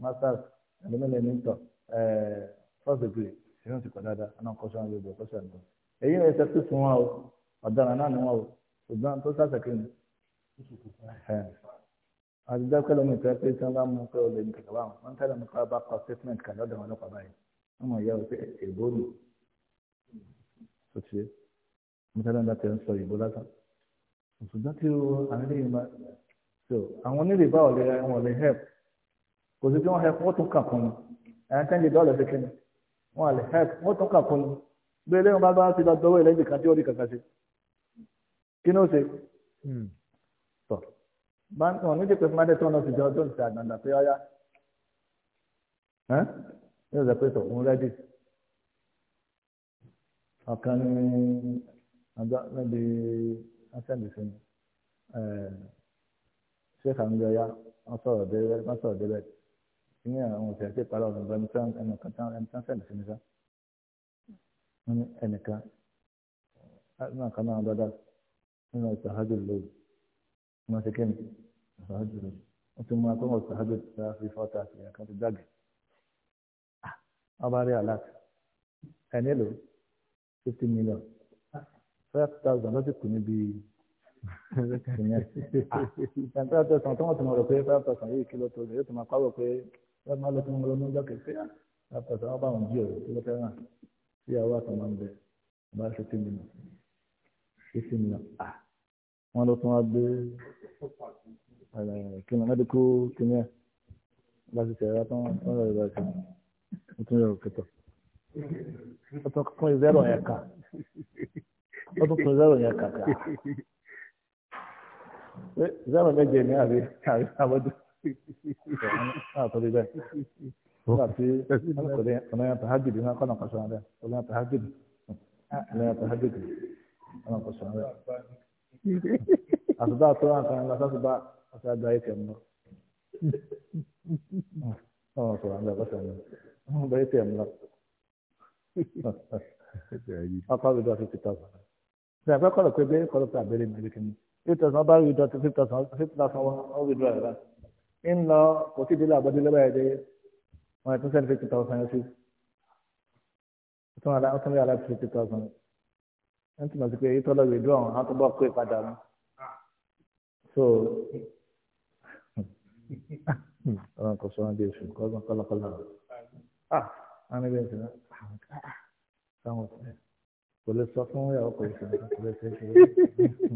masters ẹlẹ́mẹ́lẹ́ ní tọ̀ eh, first degree ṣe ń sìnkọ́ dáadáa ọ̀nà kọ́ṣọ́ àwọn yorùbá kọ́ṣọ́ àná èyí ni ẹsẹ̀ tó sun wọn o ọ̀daràn náà ni wọn o ṣùgbọ́n tó sàṣẹ kí ni. àtijọ́ pẹ́lú mi tẹ́ pé tí wọ́n bá mú pé olè ní kẹ̀kẹ́ báwọn wọ́n tẹ́lẹ̀ mi kọ́ kan lọ́dọ̀ wọn lọ́pàá báyìí wọ́n mọ̀ yẹ o pé èbó nù sọ̀tì mo tẹ́lẹ̀ mi bá tẹ̀ ń sọ ìbò lásán so àwọn onírìbá ò lè wọn ò lè help kò sí kí wọ́n help wọ́n tún kà kún un ẹ̀yàn ten lè dọ́ọ̀lẹ̀ fẹ́kẹ́ ni wọ́n à lè help wọ́n tún kà kún un bí eléyìí bá bá ti lọ dọ́wọ́ ìlẹ́jì kan tí ó rí kàkà sí kí ni ó ṣe hmm. tọ̀ bá wọn ní jẹ́ pé fún adẹ́tọ́ náà ti jẹ́ ọjọ́ ìṣe àgbàǹdà pé ọyá ẹ́ ní ọ̀sẹ̀ pé tọ̀ òun rẹ́dì ọ̀kan ní ọjọ́ níbi ọ̀sẹ̀ ìṣẹ́yìn sheikh amúyọyá wọ́n sọ̀rọ̀ débẹ̀ wọ́n sọ̀rọ̀ débẹ̀ ìyẹn àwọn òṣèré tí ìpàlọ́ ọ̀nà ìbọn tán ẹnìkan tán ẹni tán sẹ́ni sínú sá ní ẹnìkan náà kan náà dọ́dá nínú ìsàhájú lóru wọ́n ṣe kéèmì ìsàhájú lóru wọ́n ti mú akọ́wọ́ ìsàhájú tá a fi fọ́ta àti ẹ̀ka ti dàgẹ̀ wọ́n bá rí aláàtì ẹ̀ nílò fifty million five thousand lọ́sìkò níbi ìyẹn tẹ́lẹ̀tẹ̀sán tó wọ́n ti mọ̀ rò pé tẹ́lẹ̀tẹ̀sán yìí kìlọ̀ tó yóò ti máa pàrọ̀ pé wọ́n máa lọ sí wọn lọ́nà ọjọ́ kẹfẹ́ tẹ́lẹ̀tẹ̀sán wọn bá wọn jí ọ̀rọ̀ tó lọ́tẹ́ náà tí àwọn àti máa ń bẹ bá ṣe sí mi náà ṣe sí mi náà wọ́n lọ tún wá gbé kíni mẹ́díkù kíni ẹ̀ bá ti tẹ̀ra tán wọ́n lọ ìgbà kan ó tún yọ òkè tọ̀ ó tún kún ìzẹ́rọ̀ yẹn kà ó tún kún ìzẹ́rọ̀ yẹn kà kà. zẹ́wọ̀n méje ní àrí àrí àwọ́dún àtọ́lé bẹ́ẹ̀ nígbà tí ọ̀nà tàhájì ní akọ́nà kọ̀ṣọ́ rẹ̀ ọ̀nà tàhájì ọ̀nà tàhájì ọ̀nà kọ̀ṣọ́ rẹ̀. àtúntà tó wà kan lásán bá ọ̀sẹ̀ àgbà ayé tẹ̀mú. ọ̀nà sọ̀rọ̀ àgbà kọ̀ṣọ́ rẹ̀ ọ̀nà ayé tẹ̀mú lọ. ọkọ̀ àgbẹ̀dọ̀ àti tìtọ́ sọ̀rọ̀. ṣe àfẹ́kọ̀rọ̀ pé bẹ́ẹ̀ kọ́ eight thousand bá rí ìdọ̀tí fifty thousand fifty thousand one ó rí ìdúrà rẹ̀ bá ń lọ kò sí ìdílé àgbọ̀dé lọ́wọ́ ẹ̀ dé wọn ẹ̀ tún sẹ́ni fifty thousand sí tún ara tún rí ara fifty thousand ẹ̀ ń túmọ̀ sí pé ìtọ́lọ́ rí ìdúrà wọn á tún bọ̀ pé so ọ̀rọ̀ kò sọ wọn bí oṣù kọ́lọ́ kọ́lọ́ kọ́lọ́ ah wọn ní bí oṣù náà kò lè sọ fún ìyàwó kò lè sọ fún ìyàwó kò lè sọ fún ìyàwó.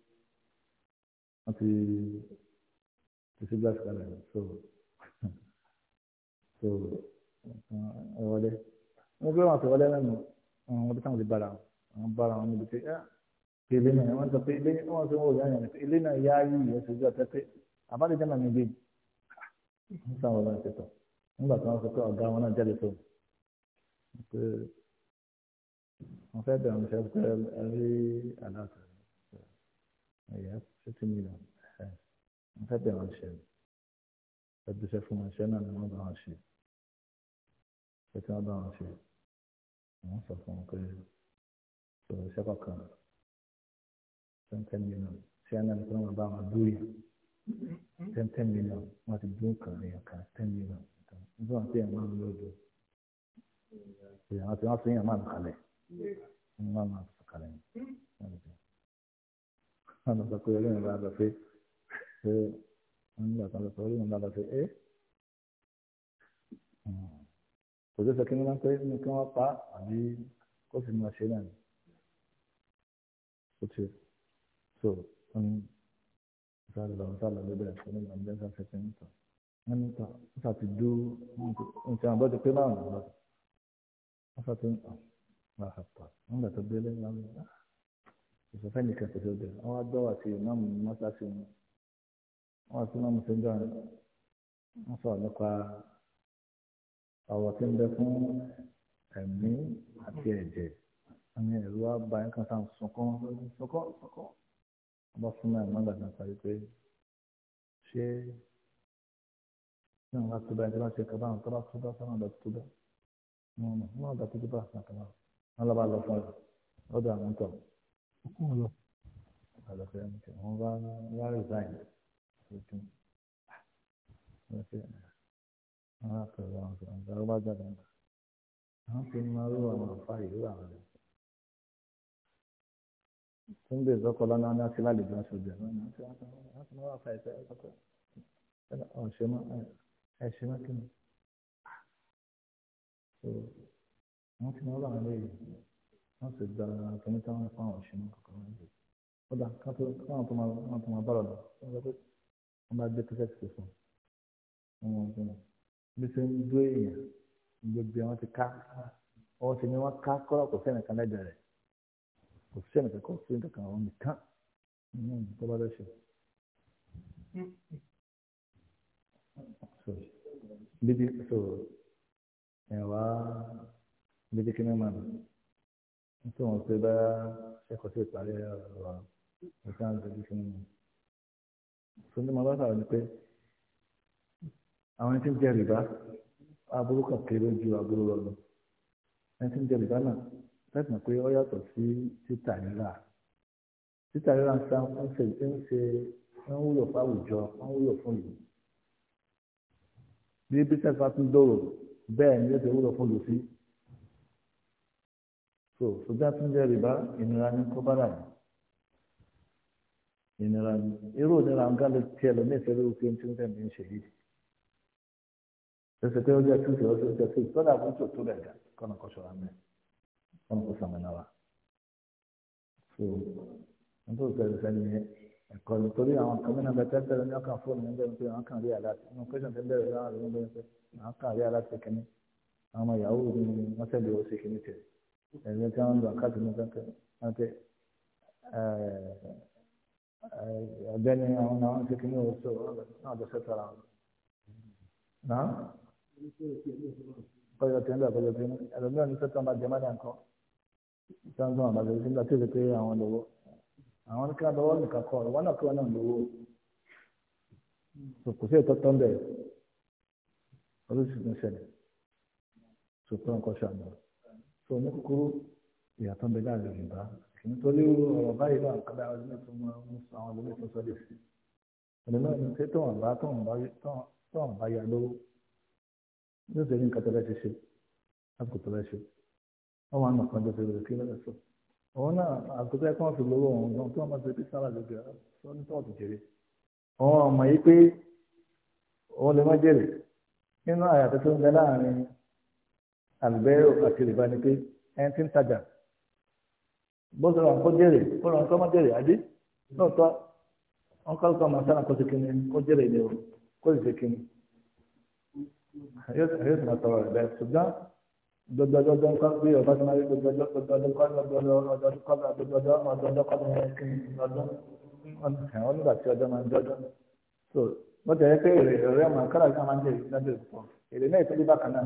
wọ́n ti ti sí so so ẹ wọlé wọ́n gbé wọn àti wọlé lẹ́nu wọ́n bí táwọn ti bára wọn bára wọn níbi tí ẹ ah, pé ilé náà wọ́n sọ pé ilé wọ́n sọ wọ́n yáyàn pé ilé náà yá yí ìyẹn sojú ọ̀tẹ́ pé àbálẹ̀ jẹ́ màmí bíi wọ́n sọ àwọn ọlọ́run ti tọ̀ nígbà tí wọ́n sọ pé ọ̀gá wọn náà jáde tó pé wọ́n fẹ́ bẹ̀rẹ̀ wọn fẹ́ pẹ́ ẹ rí àdáàtọ̀ fifty million wọ́n fẹ́ bẹ̀rẹ̀ wọn ṣe ẹgbẹ́sẹ̀ fún wọn ṣe náà ni wọ́n bá wọn ṣe ṣé tí wọ́n bá wọn ṣe wọ́n sọ fún wọn pé sọ̀rọ̀ iṣẹ́ kọ̀ọ̀kan ten ten million ṣé ẹ̀ náà ni wọ́n bá wọn dúró yẹn ten ten million wọ́n ti dúró kan èèyàn kan ten million nígbà wọn ti yàn máa ń lòdò èèyàn àti wọn ti yàn máa ń kalẹ̀ wọ́n máa ń kalẹ̀ yẹn wọn lọ sọ pé ọlọ́run bá lọ pé pé wọn nígbà kan lọ sọ ọlọ́run bá lọ pé ẹ kò tó sọ kí wọn pé ní kí wọn pa àbí kó sì máa ṣe náà ó ti so wọn sáré lọ sáré lọ lébẹrẹ fún mi ọmọdé sáré fẹsẹ níta wọn níta wọn sá ti dú wọn ti àbọ̀dé pé márùn-ún lọ wọn sá ti ń tàn wọn àpà wọn gbà tó délé wọn lọ ìfẹ́fẹ́ nìkan kò tó bẹ̀ wọ́n á dọ́wà sí ìmáàmù mọ́sáàsì wọn wọ́n á sí ìmáàmù tó ń dọ̀ wọ́n sọ̀rọ̀ nípa ọ̀rọ̀ tí ń bẹ fún ẹ̀mí àti ẹ̀jẹ̀ ẹni ẹ̀rú wa ba ẹ̀ kan sáà sunkún sunkún sunkún ọba fún mi àmọ́ gbàgbà parí pé ṣé náà wá tó bá ẹni tó bá ṣe kaba àwọn tó tó bá sáwọn ọ̀dà tó bá wọn ọ̀dà tó bá sáwọn kaba wọn lọ́ba lọ fún ọ kókó lọ. àlọ́fẹ́ wọn bá wá resign tuntun wọ́n ṣe wọ́n á pẹ̀lú àwọn ọ̀sán ọ̀gá ọba jáde ńlá àwọn tó máa rú àwọn àfa ìlú àwọn rẹ̀. túnbẹ̀ sọ́kọ lọ́nà ní àti lálejò aṣojú ẹ̀ lọ́nà àti wọ́n wá fa ẹ̀sẹ̀ ọ̀sọ́kọ̀ ọ̀ṣẹ́ mọ́ ẹ̀ṣẹ́ mọ́ kí ni. wọ́n ti máa rú àwọn lóye wọ́n sì gba kìnní táwọn fáwọn òṣìṣẹ́ kankan wọ́n lè kódà káwọn tó máa bá lọ́dọ̀ wọ́n sọ pé wọ́n bá gbé tíkẹ́ẹ̀tì sí fún un wọ́n sọ bí ṣe ń dúró èèyàn gbogbo àwọn ti ká ọwọ́ ti ní wọ́n ká kọ́lá kò sẹ́nì kan lẹ́gbẹ̀ẹ́ rẹ̀ kò sẹ́nì kan kò sí nǹkan àwọn nìkan tó bá lọ́ọ́ ṣe. bíbí ẹ̀wá bíbí kí ni máa bẹ̀rẹ̀ nítorí wọn pé bá ṣẹkọọ sí ìparí ọ̀rọ̀ ọjọ́ àwọn ìdíjú fún mi fún mi bá sọ̀rọ̀ ni pé àwọn ẹni tí ń jẹ rìbá aburú kan kéré ju aburú lọ lọ ẹni tí ń jẹ rìbá náà láti mọ̀ pé ó yàtọ̀ sí títà rírà títà rírà ń ṣe ń ṣe ń wúlò bí bísí tún dòrò bẹ́ẹ̀ ni ó ti wúlò fún ìlú so sọjá tún jẹ rìbá ìnira ní kọ́bárà yìí ìnira ní irú ìnira ń gálẹ̀ tí ẹ lọ ní ìfẹ́ lórí pé tí ń tẹ̀lé ń ṣe yìí ṣẹṣẹ pé ó jẹ túnṣe ó ṣe ṣe sọdà fún tòótó rẹ gà kọ́nà kọ́ ṣọ́ra kọ́nà kọ́ sàmì náà wà so n tó sọ ìṣẹ́ni yẹn ẹ̀kọ́ nítorí àwọn kan mí náà bẹ tẹ́tẹ́rẹ́ ní ọkàn fóònù ní bẹ́ẹ̀ pé àwọn kan rí aláṣẹ inú kẹ́sàn tẹ́ bẹ́ẹ̀ rí àwọn kan rí aláṣẹ kìíní àwọn ọmọ ìyàwó ni wọ́n tẹ̀lé ó ṣe kìíní tẹ̀lé ẹ̀rọ tí wọ́n ń lo àkáàtì ní kankan wọ́n ti ọ̀gbẹ́ni àwọn náà wọ́n ti kí ní oṣù náà lọ sẹ́tọ̀ ara wọn. náà kọjọ tí ń bẹ kọjọ tí ń bẹ ẹlòmíràn ní sẹ́tọ̀ ọba jẹ́mánì àkọ́ sọ́ńtọ́ ọba jẹ́mánì nígbà tí ó ti pé àwọn lọ́wọ́ àwọn ní kí wọ́n lọ́wọ́ nìkan kọ́ ọ̀rọ̀ wọn náà kí wọ́n náà lọ́wọ́ kò sí ìtọ́tọ́ ń bẹ̀ tó ní kúkúrú ìyàtọ̀ ń bẹ láàrin yorùbá kìí torí ọ̀rọ̀ báyìí bá àkàdá ọdún mẹ́tọ́ mọ́ àwọn ọdún mẹ́tọ́ sọ́dẹ̀ sí ọ̀nà náà ni pé tọ́wọ̀n bá tọ́wọ̀n bá ya lówó yóò ṣe ní nǹkan tó bá ṣe ṣe lásìkò tó bá ṣe wọ́n máa ń nà kan jọ́sẹ̀ lórí kí lọ́dọ̀ sọ òun náà àkókò ẹ̀kọ́ fi lówó òun gan tí wọ́n máa ṣe pé sára lóde sọ́ni tọ́ọ̀tù àlùbẹ́rò àti rìbá ni pé ẹni tí ń tajà bó sọ wọn kó jèrè kó lọ nǹkan má jèrè àdé lóòótọ́ wọn kọ́ lóòótọ́ màá sára kó ti kíni kó jèrè ni o kó sì ti kíni yóò sì máa tọrọ rẹ bẹ́ẹ̀ ṣùgbọ́n dọdọdọdọ nǹkan bí ọba tó máa rí dọdọdọdọ nǹkan dọdọdọdọ nǹkan dọdọdọdọ ọdọdọ kọ́ lọ́wọ́ kíni lọ́dún wọn nígbà tí ọjọ́ máa ń dọ́dún so mo tẹ̀lé pé èrè ọ̀rẹ́ ọmọ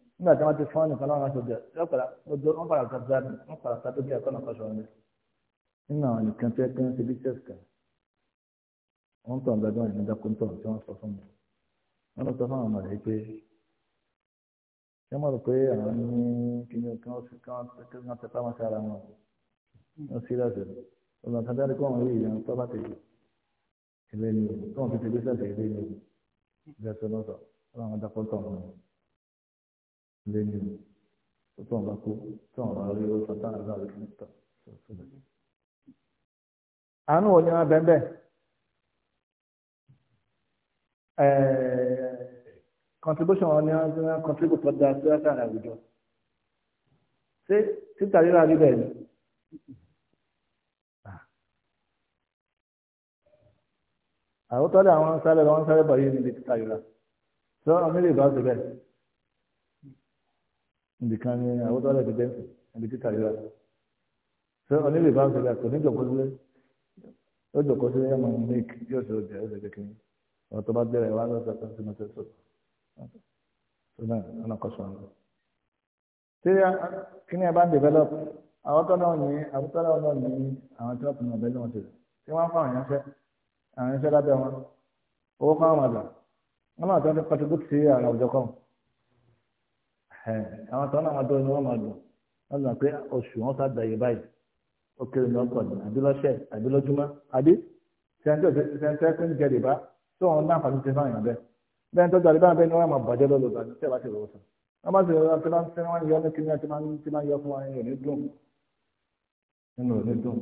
nígbà tí wọ́n ti fọ́ọ̀nù kan lọ́wọ́ aṣojú ẹ̀ wọ́n padà gbàgbà wọ́n padà sábà bí ẹ̀kọ́ náà kọ́ṣọ́ rẹ̀ nínú àwọn nìkan tó ẹgbẹ́ ń ṣe bí ṣẹ́ẹ̀sì kan wọ́n tọ̀ gbẹ́gbẹ́ ìlú dákúntọ̀ tí wọ́n sọ fún mi wọ́n lọ sọ fún àwọn ọmọ rẹ̀ pé ṣé wọ́n rò pé àwọn ní kíni kan ṣe kán ṣe kán ṣe fáwọn ṣe ara wọn wọ́n sí lọ́sẹ̀ ọ̀nà kan dárí kó àwọn yìí yẹn tó lẹ́nu tó tó ọba kú tó ọba rí ó sọ táwọn ọba rí kí nìkan sọ fún mi. àánú òní wọn bẹ́ẹ̀ bẹ́ẹ̀ contribution wọn ni wọn contribute for that social and àwùjọ ṣé títà rírà rí bẹ́ẹ̀ ni. àwọn tọ́lẹ̀ àwọn sáré lọ́wọ́ sáré bọ̀ yìí níbi títà rírà ṣé ọmọ ilé ìbá ti bẹ́ẹ̀ nìkan ni àwọn tó wà lẹ́sìn bẹ́ńsì ẹni kíkà ríra ṣé ọ nílò ìbámu sílẹ̀ kò ní jọ̀kọ́ sílẹ̀ ó jọ̀kọ́ sílẹ̀ ẹ̀mọ make bí ọ̀sẹ̀ ọ̀jẹ̀ ọ̀sẹ̀ kékeré ọ̀rọ̀ tó bá bẹ̀rẹ̀ wá lọ́sẹ̀ tó ń sinmi tó sọ tó náà ọ̀nà kọ̀ṣọ́ ọ̀nà. tí kíní ẹ bá ń develop àwọn tó náà ní àwọn tó náà ní àwọn tí wọ́n fi ọ̀bẹ lọ́wọ́ sílẹ̀ tí wọ́n fáwọn ìyanṣẹ́ àwọn ìyanṣẹ́ lábẹ́ wọn owó fáwọn àgbà wọn náà tó ń fi contribute sí àwọn àwùjọ kan àwọn tó náà tó ní wọ́n máa dùn wọ́n lọ pé oṣù wọn sá dàyè báyìí ó kéré ní ọkọ̀ ní àbí lọ́sẹ̀ àbí lójúmọ́ àbí sẹ́ńtẹ́ tó ń jẹ rìbá tó wọn náà fàmí ti fáwọn ìyàbẹ́ bẹ́ẹ̀ tó dàrí báyìí ni wọ́n máa bàjẹ́ lọ́lọ́ tàbí tẹ́ bá ti rọ̀ sàn wọ́n bá ti rọ̀ tí wọ́n ti wọ́n yọ ní kíní àti tí wọ́n yọ fún wọn ní dùn nínú ní dùn.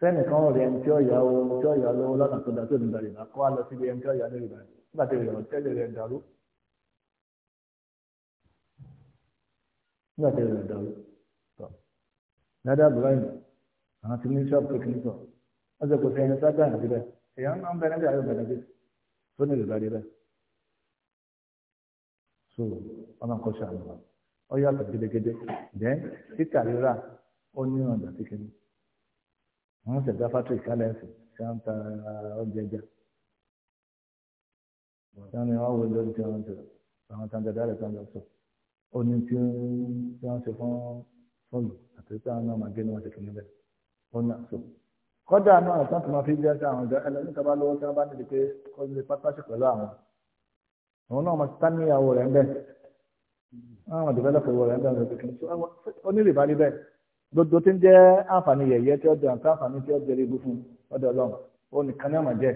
sẹ́nì kan rẹ̀ ẹni tí ó yà ó tí ó yà lọ́wọ́ lọ́nà tó dá tó ní dàrí bá kó wá lọ síbi ẹni tí ó yà ní rìbá nígbà tí rẹ̀ ọ̀tẹ́lẹ̀ rẹ̀ dàrú nígbà tí ìrìn àdàlù tọ̀ dada ibrahim àwọn ti ní ṣọ́ọ̀bù kékeré tọ̀ wọ́n sọ pé ẹni sábà àti bẹ́ẹ̀ èèyàn náà ń bẹ níbi àyọ̀ bẹ̀rẹ̀ bẹ́ẹ̀ tó ní ìrìn àdàlù bẹ́ẹ̀ so ọmọ nǹkan ṣe àlọ́ ọ yàtọ̀ gédégédé dẹ́ títà rírà ó ní ọ̀dà kékeré wọ́n ṣẹ̀dá fátírì kálẹ̀ǹsì ṣé ń ta ọjà ẹja wọ́n ní wọ́n wọlé lórí tí wọ́n ń tẹ̀lé àwọn tàǹdà dáre tàǹdà sọ̀rọ̀ ó ní tí wọ́n ṣe fún sọ́ọ̀lù àti pé àwọn náà máa gé ní wọ́n ṣe kìíní bẹ́ẹ̀ ó ní àṣọ. kọ́dà náà àtúntò tó máa fi jẹ́ sí àwọn ọ̀dọ́ ẹlẹ́ni tó bá lówó tí wọ́n bá níbi pé ó lè pátáṣì pẹ̀lú àwọn àwọn náà máa tán níyàwó rẹ̀ ń bẹ̀ àwọn dìbẹ́lẹ́pọ̀ rẹ̀ ń bẹ̀ ó ní rìbá rí bẹ́ẹ̀ gbogbo tí ń jẹ́ àǹfààní yẹ̀yẹ́ tí ó jẹ́ àǹfà àǹfààní tí ó jẹ́ ibú fún ọ̀dọ̀ ọlọ́run ó nìkan náà máa jẹ́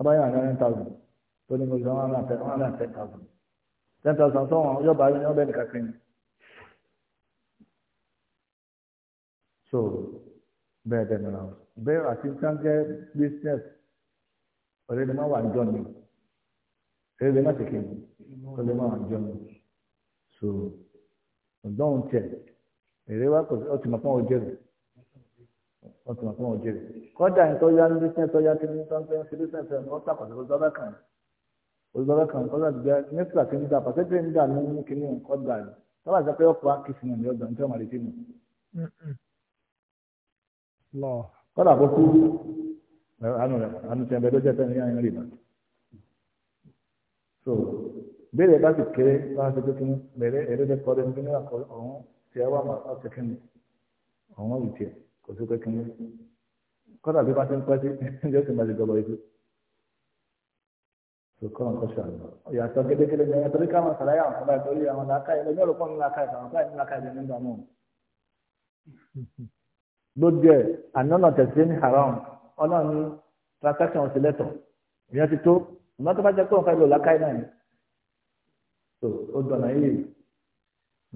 àbáyọ̀ àná 9,000 tó ní mo sọ wọn náà tẹ wọn náà tẹ thousand ten thousand tó wọn yóò bá yóò bẹ́ẹ̀ nìkan kiri. so bẹ́ẹ̀ bẹ́ẹ̀ mìíràn bẹ́ẹ̀ àti sáńgẹ́ business ọ̀rẹ́ ni wọ́n wà ń jọ ni ọ̀rẹ́ ni wọ́n ti kiri ọ̀rẹ́ ni wọ́n wà ń jọ ni so ọ̀dọ́hun tẹ̀ èrè wa kò sí ọtí màpá ọjẹ́ rẹ̀ ọtí màpá ọjẹ́ rẹ̀ kọ́dà ní ní bísíǹsì tọ́yá kí ní tọ́yá ní bísíǹsì ẹ̀ ní wọ́n tàkọ̀ sí ọjọ́ bá kàn yín olùdókòwò kan kọ́ láti gbé nípa kí nígbà pàṣẹ́tì nígbà ní kíní nǹkan gbà ní sábà sọ pé ọkọ̀ akíkì ní ọ̀dọ̀ ọ̀dọ̀ nítorí màdìtì nù. kọ́dà bó kú àánú rẹ̀ àánú tiẹ̀ bẹ́ẹ̀ lọ́jọ́ tẹ́lẹ̀ ní àyàn rìbá. so béèrè bá ti kéré bá ti tó kíní bẹ̀rẹ̀ èrè bẹ́ẹ̀ kọ́ lẹ́nu kíní àkọ́ ọ̀hún tí ẹ wà máa ọ̀ tẹ̀ kíní ọ̀hún ò tiẹ̀ kò sí pé kíní kọ́dà bí bá ti ń pẹ́ sí ẹjọ́ ti máa ti gbọ́ sùkọ́ nǹkan ṣàlùmọ́ ìyàtọ̀ gédégédé ní ẹ̀yẹ torí káwọn sàlàyé àwọn ọba ìtòrí àwọn làákàyè ẹ̀mí ọ̀rọ̀ pọ̀ nínú làákàyè àwọn ọba ìtòrí làákàyè ẹ̀mí ọ̀rọ̀ mọ́. lójú ẹ̀ ànánà tẹ̀sí ní haram ọlọ́run ní transaction ọ̀sẹ̀ lẹ́tọ̀ ìyẹn ti tó ìmọ̀ tó bá jẹ́ pé òun fẹ́ lò làákàyè náà ni. tó o dọ̀nà yìí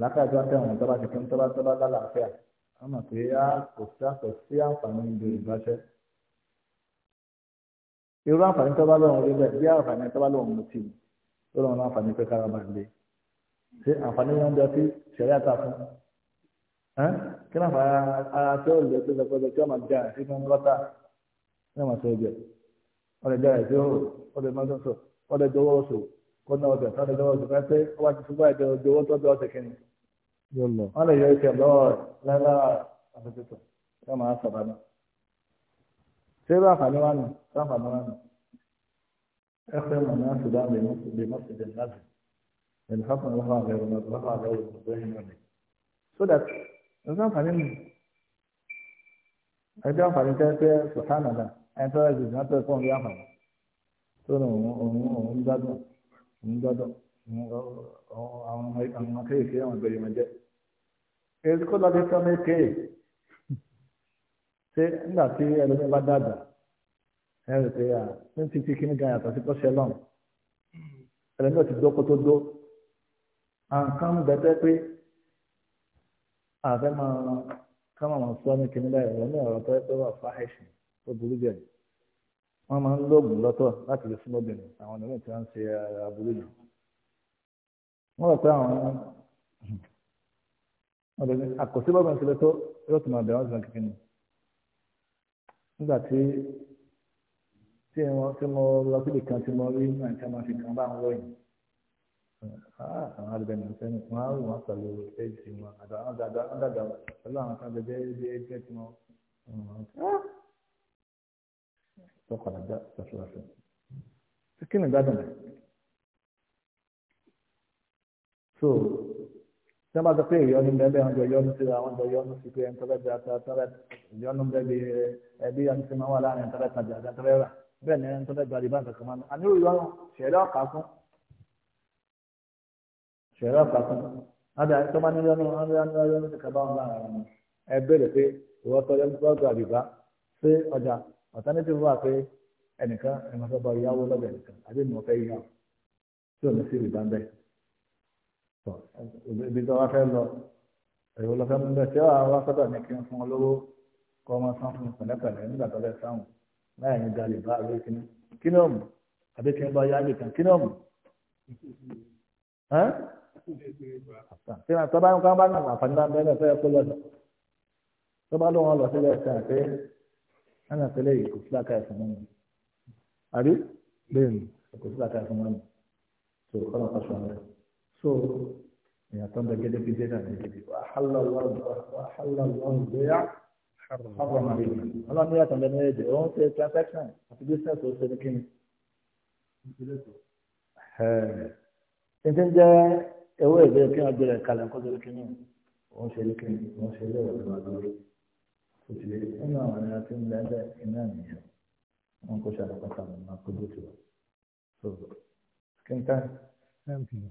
làákàyè tó bá tẹ̀wọ̀n tó bá ti kí irú àǹfààní tó bá lọ́wọ́ rí bẹ́ẹ̀ bí àǹfààní tó bá lọ́wọ́ mú tì ó lọ́wọ́ láǹfààní pé kára bá ń lé ṣé àǹfààní yẹn ń jọ sí ṣẹ̀rí àtà fún kí náà fà ara tó lè tó lè pẹ́ẹ́bẹ́ tí wọ́n máa jára sí fún gọ́tà ní ọmọ sọ́ọ́ jẹ wọ́n lè jára sí òhò wọ́n lè mọ́tò sọ wọ́n lè jọwọ́ oṣù kó ná ọjà tó lè jọwọ́ oṣù fẹ́ pé ó wá ti fún sai ba fa nawa ne ba fa nawa ne akwai mana su da mai masu bai masu da nasu in hafa rafa ga yana rafa ga yana da yana ne so that in san fa ne ai da fa ne ta ta subhana da ai ta ji na ta ko ya fa so no on on da da on da da on an mai an kai ke an bari manje e ko da ta mai kai ṣé nígbà tí ẹlòmíì bá dàgbà ẹ rò pé à ní ti ti kíní gan yàtọ̀ sí pọ́ṣẹ́ lọ́n ẹlòmíì ti dókó tó dó àǹkan bẹ́tẹ́ pé àfẹ́ máa ká máa máa sọ ní kíní báyìí ẹlòmíì ọ̀rọ̀ tó yẹ pé wà fáhẹ́sì tó burú jẹ wọ́n máa ń lóògùn lọ́tọ̀ láti lè fún lóbìnrin àwọn ẹlòmíì tí wọ́n ń ṣe eh, aburú jù wọ́n rò pé àwọn ọ̀dọ́ ni àkọsílẹ̀ ọ̀gbìn ti lè tó yóò tún máa bẹ̀rẹ̀ wọn sí nígbà tí tí wọn tí mo lọ síbi kan tí mo rí náà tí wọn fi kan bá ń lọ yìí ah, àwọn àdìbẹ̀nà sẹ́ni wọn á rò wọn pẹ̀lú ẹ̀jì wọn àdàwọn dàgbà pẹ̀lú àwọn kan jẹjẹ ẹgbẹ́ ẹgbẹ́ tí wọn tó dá ṣàṣùwàṣù kí ni gbádùn rẹ̀ so tí wọ́n bá sọ pé ìyọnu bẹ́ẹ̀ wọ́n jọ yọnu síra wọ́n jọ yọnu sí pé ẹ̀ńtọ́rẹ́ bí ata ẹ̀ńtọ́rẹ́ ìyọnu bẹ́ẹ̀ bí ẹbí yọnu sí máa wà láàrin ẹ̀ńtọ́rẹ́ tajà ẹ̀ńtọ́rẹ́ rà bẹ́ẹ̀ ni ẹ̀ńtọ́rẹ́ gba ìbá nǹkan kan máa ń àní ìyọnu ṣẹ̀rẹ́ ọ̀kà fún ṣẹ̀rẹ́ ọ̀kà fún ada tó bá ní yọnu yọnu ti kaba wọn láàrin ẹ bèrè pé ìwọ sọ yọnu tó gba ìbá pé ọjà alternative wà pé ẹnìkan ẹ̀ tọ ibi tó wá fẹ́ lọ èrò lọ fẹ́ mú bẹ́ẹ̀ tí ó wá sọ́dọ̀ ní kí n fún ọ lówó kọ́ ọmọ san fún pẹ̀lẹ́pẹ̀lẹ́ nígbà tó fẹ́ sáwọn láì ní dalè bá àbí kíní kíní ọ̀mù àbí kí n bá yáàgì kan kíní ọ̀mù. tí wọ́n bá ń kọ́ bá náà àǹfààní bá ń bẹ́ẹ̀ lọ́sẹ̀ kó lọ́dọ̀ tó bá lọ́wọ́ lọ sílẹ̀ ẹ̀sẹ̀ àti ẹ̀nà sílẹ̀ yìí kò sí láka ẹ̀sìn mọ́ni àbí bẹ́ẹ̀ ni kò sí láka ẹ̀sìn mọ́ni tó kọ́ so gede kalẹ̀ kó lórí kíni òun ṣe ní kíni òun ṣe lé ìwà lórí. òṣèré nínú àwọn ènìyàn tí ń lẹ́ lẹ́ iná nìyẹn wọn kò ṣàlùkọ́ sàmì máa kó dé tiwọn. so kí n be gege bi dena ni ibi wahalalowo boya oro mari olorun yato lenu ede oun se transaction ati business o se ni kini sente je ewe igbe ki won gbera kale ko lori kini oun se ni kini oun se le iwa lori osere ninu awon eniyan ti n le le ina niyen won ko saluko sami maa ko de tiwon so ki Thank you.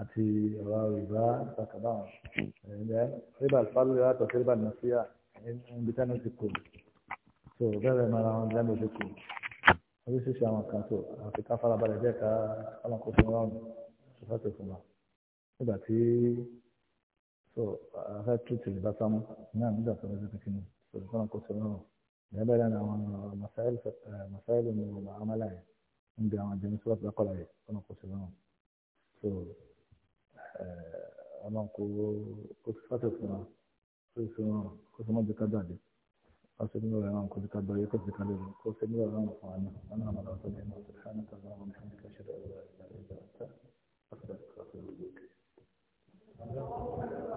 àti ọ̀rọ̀ rìbá ìtàkàbà wọn ẹ̀yẹ rìbá ìfàlù rẹ̀ àtọ̀ rìbá nàṣíà níbi tẹ́nu ti kù tó bẹ́ẹ̀ mara wọn lẹ́nu ti kù oríṣiríṣi àwọn kan tó àti ká farabalẹ̀ jẹ́ ká ọlọ́kọ̀ fún wọn ṣùfàtò fún wa nígbà tí tó afẹ́ tú tìrì bá sámú náà nígbà tó lọ́jọ́ kékeré tó ọlọ́kọ̀ fún wọn ìyá bẹ́ẹ̀ náà àwọn masáìlì mi ò máa ń bí àwọn jẹ́mi sọ́ọ̀tì lọ́kọ̀ọ́ ọlọ́run kò kò sí fásitì fún wa kò sí wọn kò sí wọn jẹ ká bàjẹ́ kò sí nílò ẹ̀rọ kò sí ká bàjẹ́ kò sí ká lè kò sí nílò ẹ̀rọ fún wa náà wọn náà lọ sọ ní ọ̀sẹ̀ fún mi tàbí àwọn ọmọ mi kò ṣe lọ́wọ́ ẹ̀rọ ìgbà ìgbà ọ̀sẹ̀ ọ̀sẹ̀ ọ̀sẹ̀ ọ̀sẹ̀